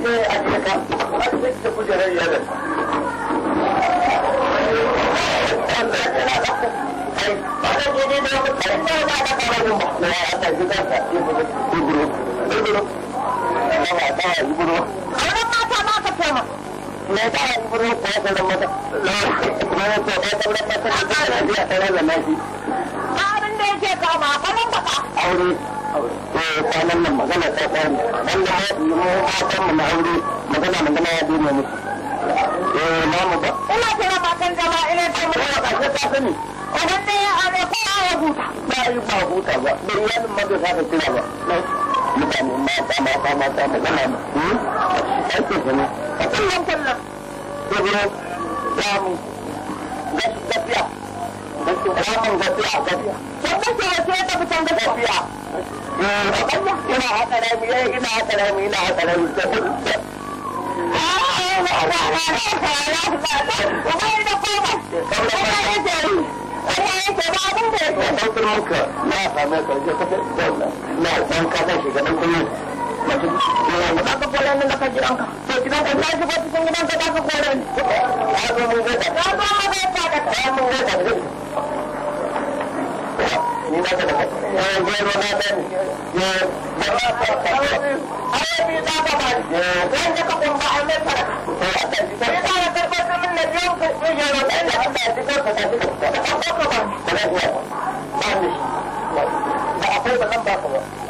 je a cika a cika kujerar yalan Auren mata ma ka koma. Me ta yi buru ko ya sauran mata? Na ya ce ya sauran mata da ta yi da ya sauran da na shi. Abin da yake kama, kwanan baka. Aure. Aure. ce kwanan nan magana ta kwari wanda mu matan mu aure magana magana ya dole mu eh mamu ba ina kira matan zama ina ce mu eh, ba ka ta sani ko ne ya aure ko ya huta ba yi ba huta ba bai yi mun da ta kira ba mutane mata mata mata magana mu ake gani a kullum ko da ruwa za mu Rafin gafiya gafiya. Wata ce wace ya tafi can gafiya. Ina haka rami, ina haka rami, ina haka rami. Na same ka, je ka na ɗan kasa shugaban kuma ba ka gidan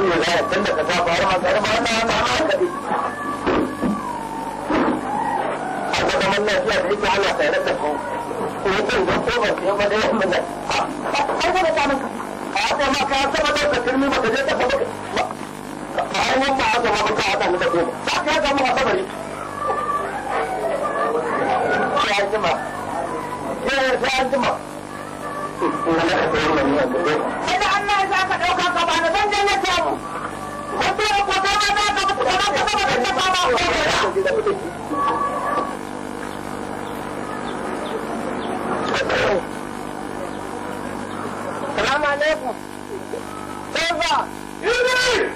abin da za a tun ka sa fara masu har ma na ma ma kaɗi. A ga zaman lafiya da yake ana tare da su. Mutum da ko ba su yi ba da yamma nan. Ai ba da samun ka. A haka ma ka saba da ka turmi ba ka je ka saba. a yi ba haka ma ka haɗa ni da goma. Ba ka haɗa mu a sabari. Sai an jima. Sai an jima. Ina da ka yi mani a gaba. za ka ɗauka ka ba samu ya ma za ka ka saba da ta ba ko Salamu alaikum. Easy.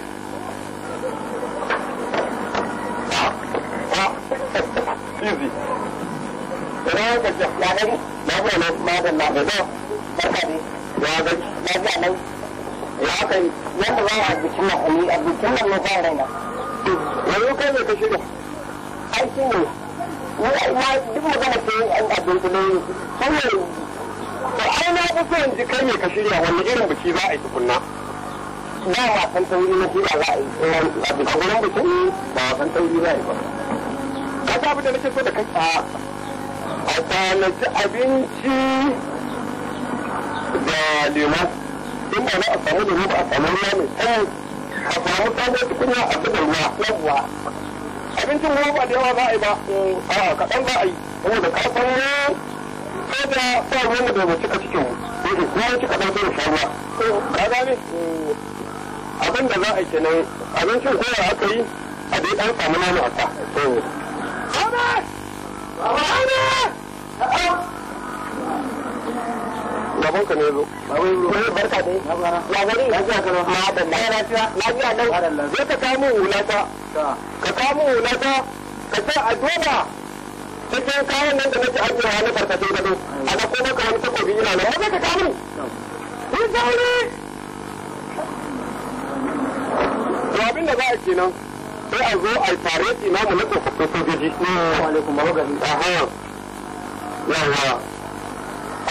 ya kai yadda za a bikin nan a bikin nan na zan raina wani kai ne ka shirya ai shi ne ni ai ma duk magana ce an abin kuma shi ne to ai na fi so in ji kai ne ka shirya wani irin biki za a yi tukunna ba ma san tauri na shirya za a yi a gurin bikin ba ma san tauri za a yi ba ka ta abin da nake so da kai a tanaji abinci da lemon inda na a samu da ba a samu ruwa mai sanyi a samu sabon tukunya a zuba ruwa yawwa abincin ruwa ba da yawa za a yi ba mm, a kaɗan za a yi saboda ka san ne sai da ba ruwan da bai mace cikin wuce ruwa ci kaɗan sai da sha ruwa mm. ka gane mm. abin da za a yi kenan abincin kowa aka yi a dai ɗan samu nama a sa. Baba! Baba! Baba! baban ka ne zo wani barka ya gari ya ha lafiya lafiya zai ka ka ka a cikin kayan nan da nake na a ga kuma ka takobi ina nan ba ka kun to abin da za a kenan sai a zo a tare imamu na tsofaffin sojoji. Wa alaikum ba Yawa.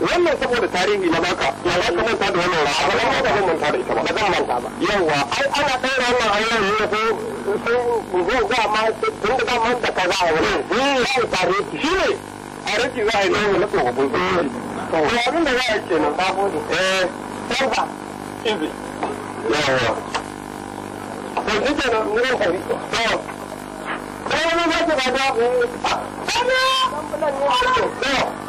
wannan saboda tarihi na baka ya za ka manta da wannan rawa ba manta da ita ba ba manta ba yawa ai ana wannan ne ko ko ga ma tun da da kaza a wurin ya yi tarihi shi ne a za a yi na ko ko ko abin da za kenan ne eh tarba izi yawa to ni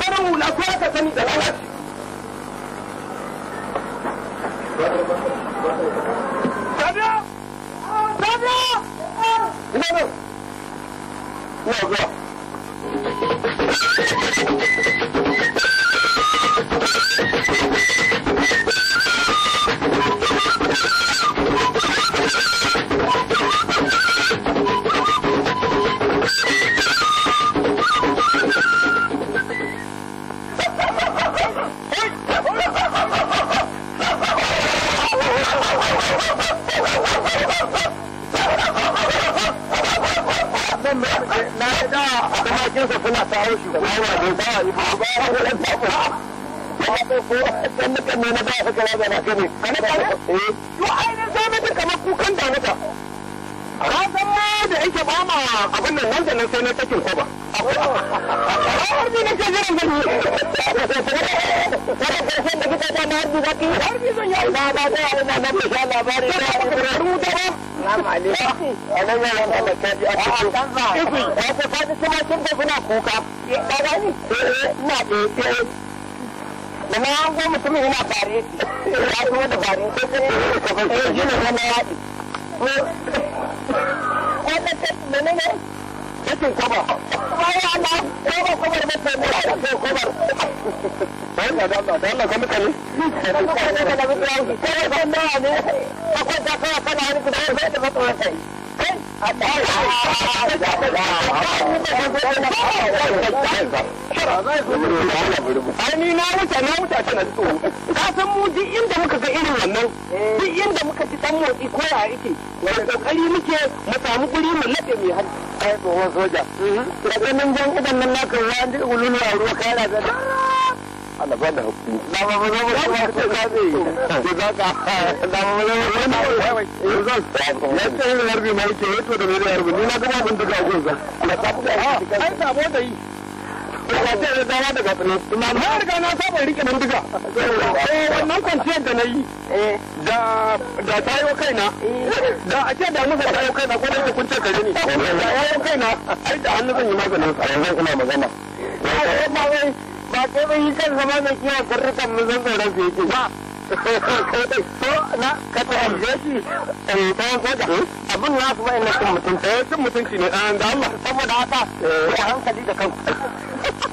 farin hula ko aka sani da lalaci Sabiya! Sabiya! kan na da a kamakinsa suna kawo shi kuma yana da ba ba ba su da na kukan da mata Razan ma da yake ba sai na sakin kwaba. Rawar ni na jiran zan da kuka ta na za ki Ba ba na fi sha labari. Ba ba ba. Salamu alaikum. Wannan yaran da na kaji a cikin. Ibi, wata fadi kuma kin da kuna kuka. Ka gani? da eh, eh, ina da da na hango mutumin yana bare shi. Ya zo da bare shi sai ka bar shi. Eh, jina na yaɗi. Wata ta mene ne? Cikin kwaba. Wai Allah, kwaba kwabar mutum ne a cikin kwabar. Wai na dama, da Allah kwamita ne? Kwamita ne da na mutuwa. Kwamita ne da na mutuwa. Kwamita ne da na mutuwa. ni na wuce na wuce tana tsoro ka san mu duk inda muka ga irin wannan duk inda muka ci dan motsi ko ya yake wanda kokari muke mu samu guri mu lafe mai hannu kai tsohon soja da ganin jan idan nan naka ruwa da ululu a ruwa kana da Allah ba da hakuri na ba ba ba ba ba ba ko za ka na ba ba ba ba ba ya ce ne harbi mai ke to da mai harbi ni na ga ban da gagon za Allah ta fuka ai sabo da yi ba ce da dama daga tsano na na riga na saba rike nan duka eh wannan kwanciyar da nayi eh. da da tayo kaina a ce da musa tayo kaina ko da kun ce ka ne da tayo kaina ai da hannu zan yi maganin sa ina magana ba ba kai ba kan zama mai kiyaye karnukan mu zan tsoron su yake ba *laughs* na ka ta hanje shi eh ta goda eh? abin na kuma ina cin ta eh cin mutunci ne an ah, da Allah saboda haka eh. ka hankali da kanka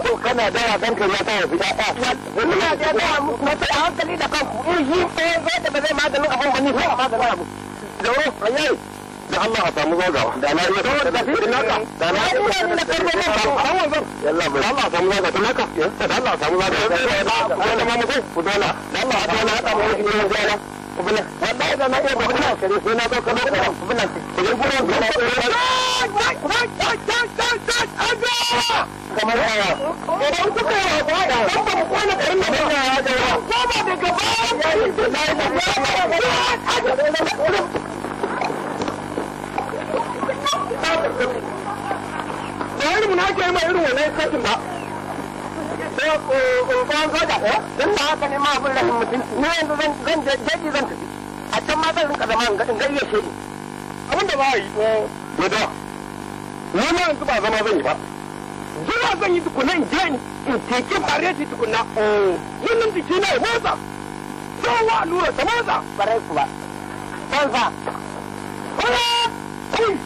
ko kana da ya danka ya ta yafi ya ta ina da da ta hankali da kanku in yi eh goda ba zai maganin abin ba ni ba maganin abu zauro ayyayi da Allah a samu zagawa da na iya da na da na iya da samu a wannan yalla bai samu zagawa da Allah a samu zagawa da Allah da da Allah a dala da da na iya da kuma kare na ga kuma kuma da na iya kamar aya da na ba mu kwana da ba ya ga ko ba da ta tafi ba wani muna ke ma irin wannan sakin ba sai unguwan eh, soja ko don ba haka ne ma abin rashin mutunci ne yanzu zan jeji zan tafi a can ma zan rinka zama in ga iya shedu abin da ba a yi gwada eh, ni ma yanzu ba zama zan yi ba jira zan yi tukuna in je in teke fareji tukuna eh, wannan jiki na ya motsa kowa allura ta motsa barai kuwa banza kuma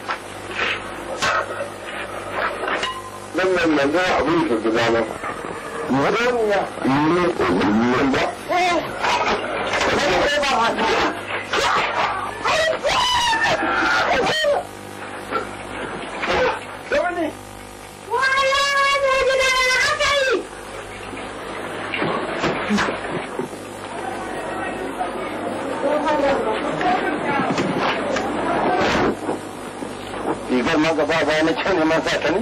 sannan nan ga abin da ne ilimin ba Rigar ma gaba ba na can neman sa ta ne?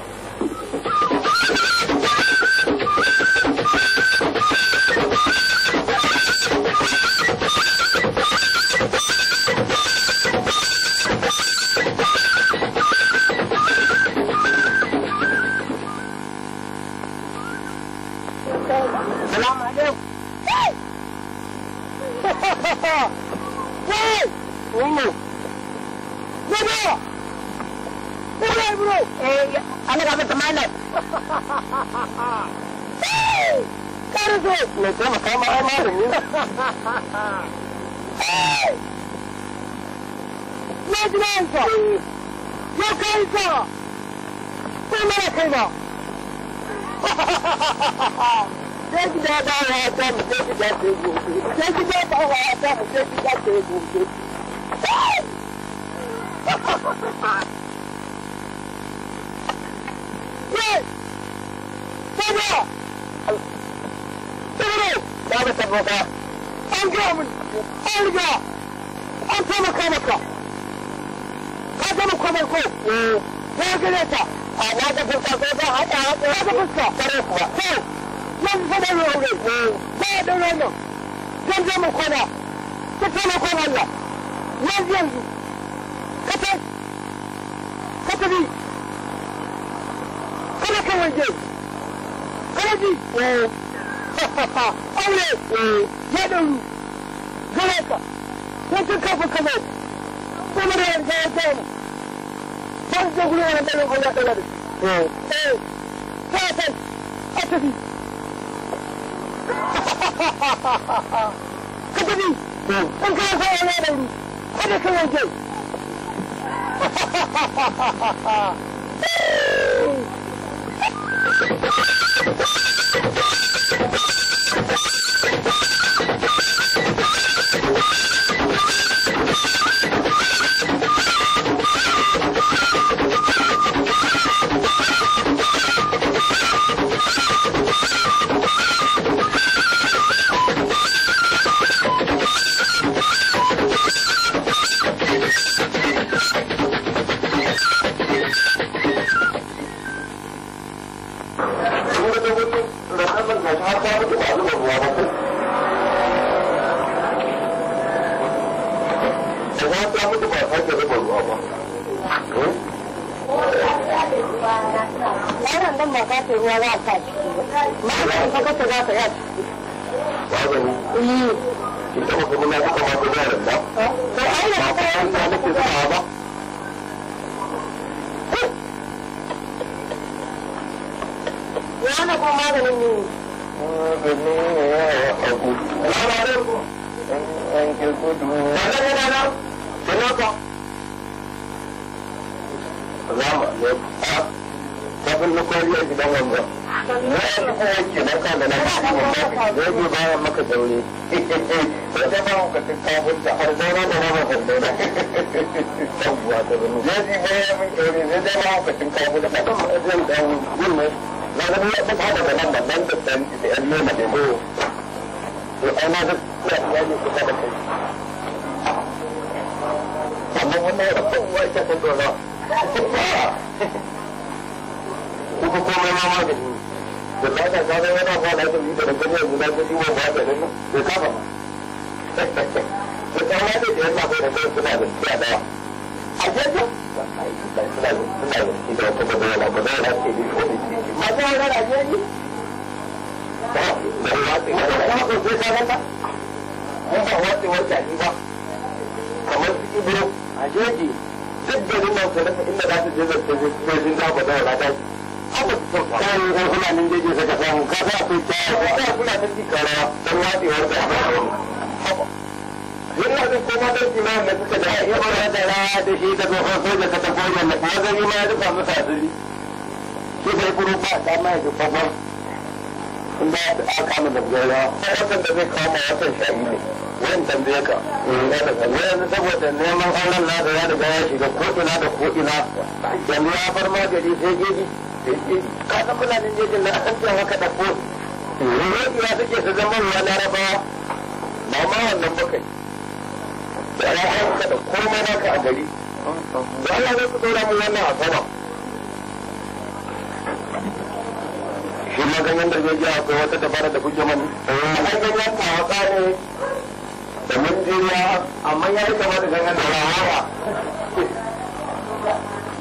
kai ta komai ko eh, ya gare ta a na ga fuska ko ba haɗa haɗa ya ga fuska kare kuwa ko yanzu fa dai aure ba ya dai zan je kwana ta taimakon Allah yanzu yanzu ka ta ka kana kan waje kana ji aure ya ɗauru gare ka ko tun kafin kamar kuma da yanzu ya tsaye can zai gudu wani ɗanin Allah ɗaya da shi. Ta kai, a tafi. Ka tafi, in ka yasa wani da ka fulanin da ke saka san ka sa ku ta ka sa fulanin ki kara dan wadi wata yana da kuma da imam da suka da ya fara da ra da shi da gofa so da ta goya da kuma gani ma da ta tasiri shi da kuro ba ta mai da kofar in ba a kama da goya sai da zai kama wata shari'a ne wayan tambaye ka eh, wayan saboda neman auren na da ya riga ya shiga koina da koina ina yanzu ya bar magani sai gidi ka san fulanin jejin na asan cewa ka ɗauko ruwa suke su zama ruwa larabawa ba ma wannan bakai da ya haka da komai naka a gari da Allah zai ku tsora mu wannan a sama shi ma ganyen darbejiya akwai wata dabara da kuke mani a ganyen tawatsa ne da mun jiriya amma ya rika mata ganyen da rawa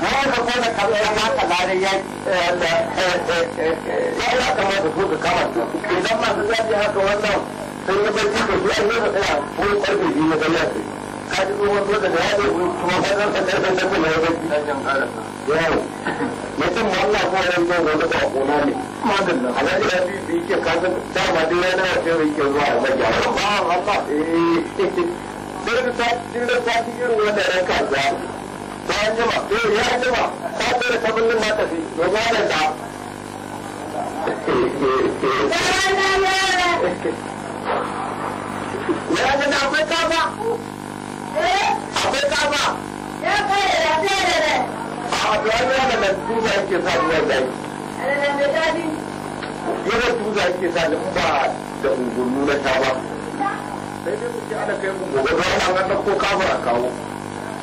ya ga da kaza ya ya eh, eh, eh, ya ya kama da su kama idan su zafi haka wannan sun yi barci da su ko karfe biyu na su ka ji tsohon so da ya ce kuma karfe kuma ya da jan kara mutum ma Allah ko ran zo da wata kona ne madalla alaji da bi bi ke ka dai yana da cewa yake zuwa ba Allah eh *laughs* sai da ta ranka bayan jima eh ya jima ta tsere ta bullin na tafi domin da. ta ya ga da akwai kafa akwai kafa ya kai da tsere ne a to an yana da tuza yake sa ruwa zai yana tuza yake sa da ba da ungulu na ta ba sai dai ku ci ana kai mu gobe ba an ɗauko kawo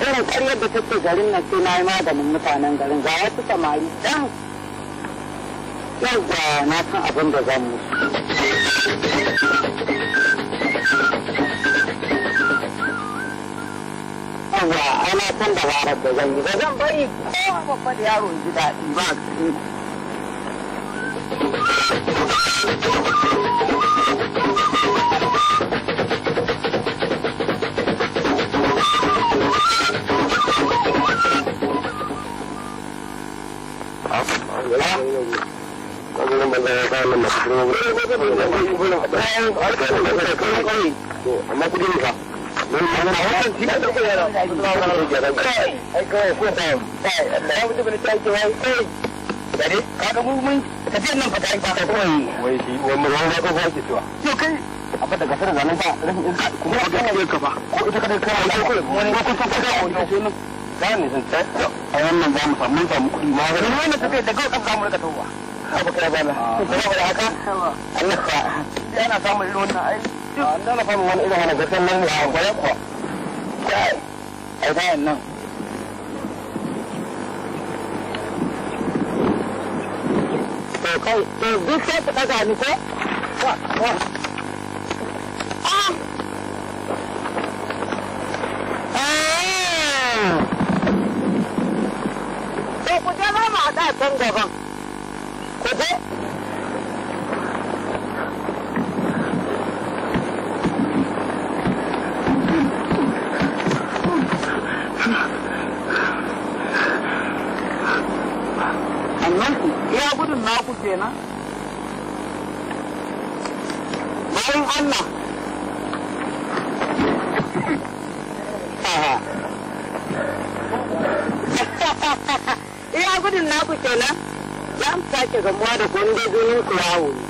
irin karyar da take garin nan sai na yi maganin mutanen garin ga wasu samari ɗan yawwa na san abin da zan yawwa ana san dabarar da zan yi ba zan bari kowa babba da yaro ji daɗi ba Abin da ya kawo kuma bayan harkar ka za mu sun tsaye a wannan za samu samu kuɗi ma ga wannan tafiya daga wannan za rika tawwa abu kai bana saboda haka Allah ka yana samun irin wannan ai Allah na fara wani irin wannan gaskiya nan ya gwaya kuwa ai bayan nan to kai to duk sai ku daga ni ko sa san gaban ku je amma ya gudun na ku kenan gamuwa da kwandojin ku yawo ne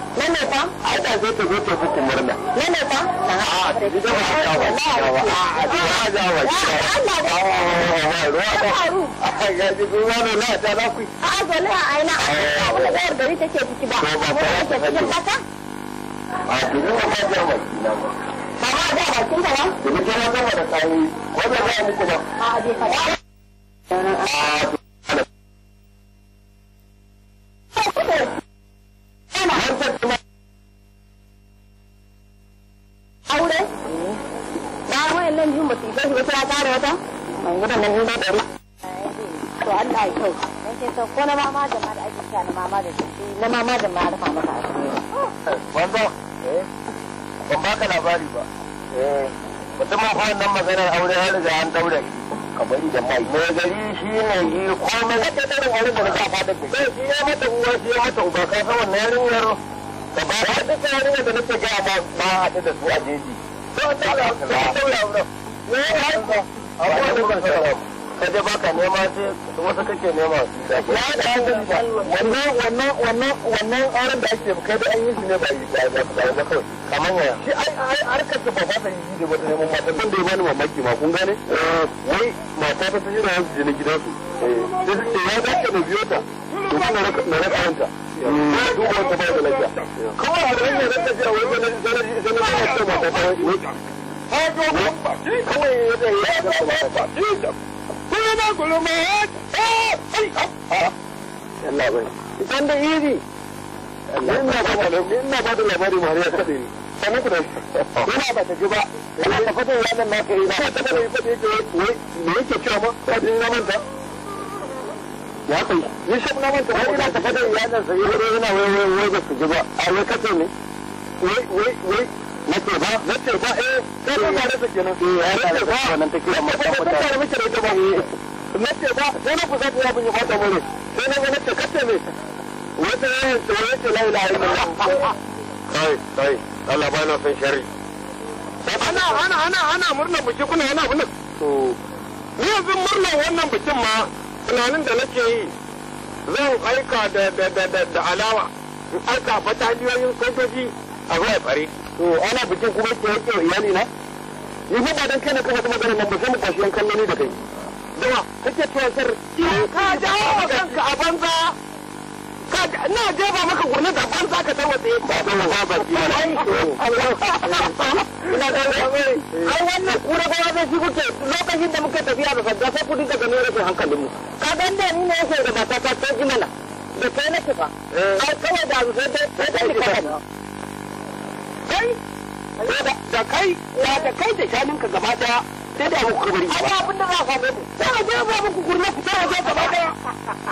na ne fa ai da zai ta zo ta fi kumurna na ne fa a ta ah, ji da ba ka wa ba a ji ba ga wa ba ba a ya ji ruwa ne na ta ah, ah, na ku a zo ne a aina eh. a wala da gari take ciki ba ko ba ta take ciki ba ka ji ne ba ga wa ba ba da bakin ka ba ki ta da kai ko da ba ni ko ba a ji ka sha na mama da ma maka eh. ban labari ba eh. mutumin fa wannan maganar aure ya riga an daure ka bari da mai mai gari shi ne yi komai da ta wani ba ka fada shi ya mata uwa shi ya mata uba ka san wannan yarinyar ba yarinyar da nake gaya ba ba haɗu da su a jeji. ta Ne ya ba. A wani ba ta ka je baka nema sai wasu kake nema na da hankali ba wannan wannan wannan wannan da ake kai da an yi shi ne ba yi ba ba ba ba kawai kamar shi ai ai ba ba ta yi da wata neman mata ban da ya bani mamaki ma kun gane eh. wai mata ta yi na yanzu je na gidansu eh. sai su ce ya dace na biyo ta to kuma na raka wanta eh, duk wata ba da lafiya kawai a ranar da ta je a wani zanen zanen zanen ta mata na gulo me Allah bai idan da iri na kai na ta ya kai ni shi na ina sai wai wai wai ba a wai kace ne wai wai wai nake ba nake ba eh ka ba ba da kenan eh ya ba da take amma ba ba da muke da ita ba eh. nake ba sai na kusa da abin ya fata mure sai na ga nake kace ne wata wata wata la ilaha illallah kai kai Allah ba na san shari ana ana ana ana murnar biki kuna yana bunin to ni yanzu murnar wannan bikin ma tunanin da nake yi zan aika da da da da alawa in aika fata hanyoyin sojoji a zuwa tsare to ana bikin kuma ke yake iyali na ni ba ba dan kai ne kuma magana nan ba sai mu kwashi yan kallon ni da kai dawa kake cewa sar ka jawo kanka a banza na jefa maka gurnin da ban zaka tarwatse ba da ba ba ki ai wannan kura ba wanda shi kuke lokacin da muke tafiya da sadda sai kudin daga ne rashin hankalin mu ka ga da ni ne yake da mata ta ta ji mana da kai na tafa eh. ai kawai da su sai dai sai dai kai da kai da kai da shanunka gaba daya sai da abu kubari ba abin da za ka ne sai a ga ba ku gurna ku sai a ga gaba daya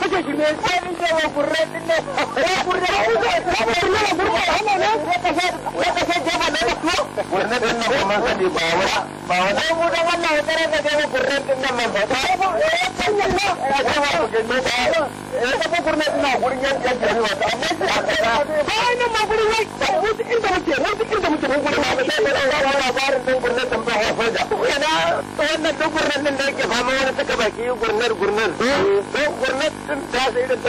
kace shi ne sai ni ga gurna din ne eh gurna ku ga gurna gurna gurna hana ne ka sai ka sai ga ba da ku gurna din nan kuma sani ba wani ba wani mu da wannan ya tare da ga gurna din nan ba ba eh kan nan ne ya ga ba ku gurna ba eh ka ba gurna din nan gurin yan kan gari wata amma sai ka ga ba ni ma gurin wai wasu inda muke wasu inda muke mun gurna ba sai da labarin din gurna tambaya farda wannan duk gurnar nan da yake fama wani saka baki gurnar gurnar. Eh. Gurnar sun tasa irin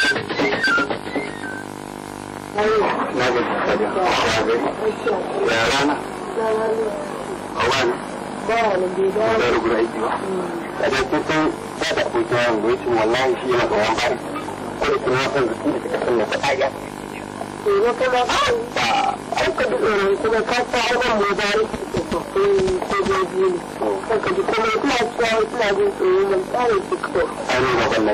Na ga kaji. da gaji. Ya rana. A wani. Ba wani Da rubuta aiki ba. Kaji kusan ba da kusa yawan goyi wallahi shi yana tsoron bari. Kwai kuma san zuki da suka sanya kuɗa ya. Ina kuma ba. Aika duk tsoron kuma ka sa auren mu bari su tsofaffin sojoji ne. ji kuma suna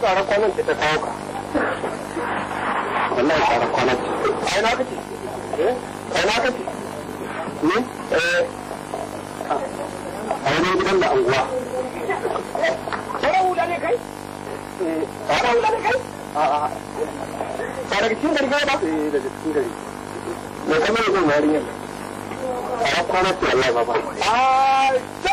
tsara kwanan ta kawo ka wallahi tsara kwanan ta ai na kace eh ai na kace Ni? eh Ai ne gidan da anguwa tsara wula ne kai eh tsara wula ne kai a'a ba daga cikin gari ba eh daga cikin gari me kamar yau yarinyar tsara kwanan ta Allah baba Ai, ta.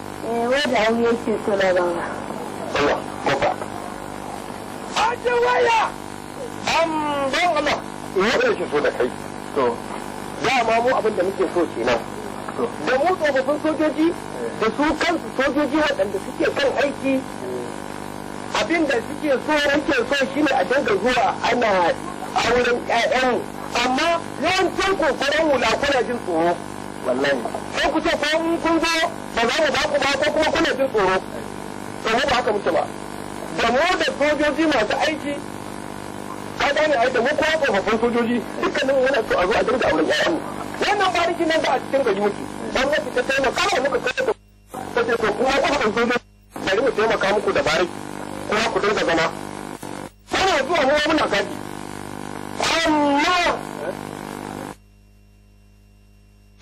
Eh, wadda an suna waya! so da kai. mu abin da so Da tsofaffin sojoji, da su kansu sojoji waɗanda suke kan aiki abin da suke so yake so shine a dinga zuwa ana auren 'ya'yan amma yawancin kokoron wula kuna jin tsoro. wallahi ko ku ce ko kun zo ba za mu ba ku ba ko kuma kuna jin tsoro to mu ba haka muke ba da mu da sojoji masu aiki ka gane ai da mu kuma tsofaffin sojoji dukkanin muna so a zo a dinga auren ƴaƴanmu wannan bariki nan ba a cikin gari muke gwamnati ta taimaka wa muka kai da ta ce to kuma tsofaffin sojoji bari mu taimaka muku da bariki kuma ku dinga zama. Sana zuwa mu muna gadi. Amma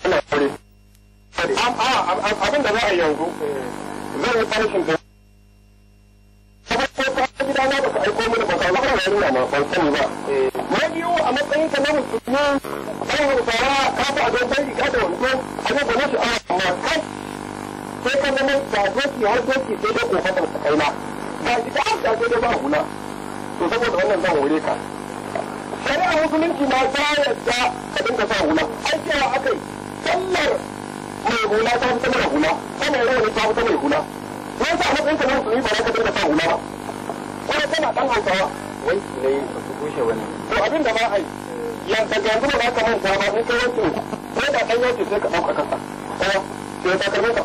ana aure abin da za a yanzu eh, zan yi farshin da gida na baka aiko mini ba sai ba yana ma ban ba na biyu a matsayin ka na musulmi sai mu fara ka fa a dogon riga da wando a ne gwamnati a amma kai sai ka zama da doki har doki sai da kofar ka kaina ba ki da da sai da ba hula to saboda wannan zan hore ka shari'a musulunci ma ta yadda ka dinga sa hula ai cewa akai sallar mai hula ta fita mai hula rawani ta mai hula a matsayin ba za ka dinga sa hula ba tana dan wai ne ku kushe wani to abin da ma ai yan daga yanzu ba ka manta ba ko da sai ka dauka kanka ko sai ka ka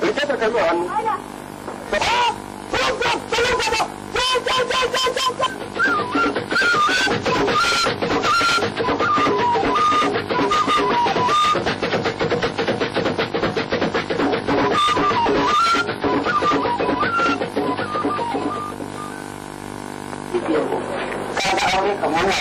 kira ka hannu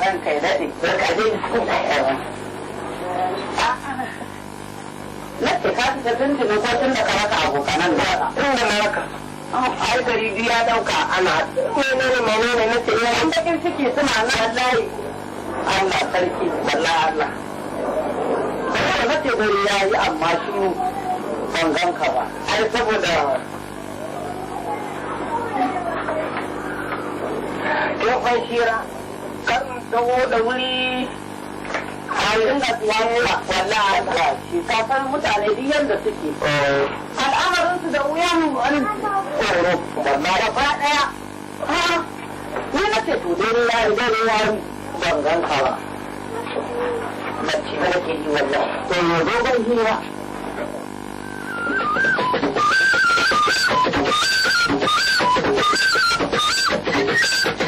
ranka ya daɗe ranka a cikin na ce ka fita tuntunin ko tun da ka raka abokanan da tun da na raka ai gari biyu ya ɗauka ana menene menene na ce yayin eh, bakin ciki suna na wallahi Allah sarki wallahi Allah saboda na ce gari ya yi amma shi ban ganka ba ai saboda yan ban shira dawo da wuri a inda tuwa mura wallahi ba shi ka san mutane duk yanda suke al'amarin su da wuyan wani tsoro gaba daya ha ni na ce to dai ni yayi dai ni yayi ban ba bacci ba ke yi wallahi to ne dogon hira Thank you.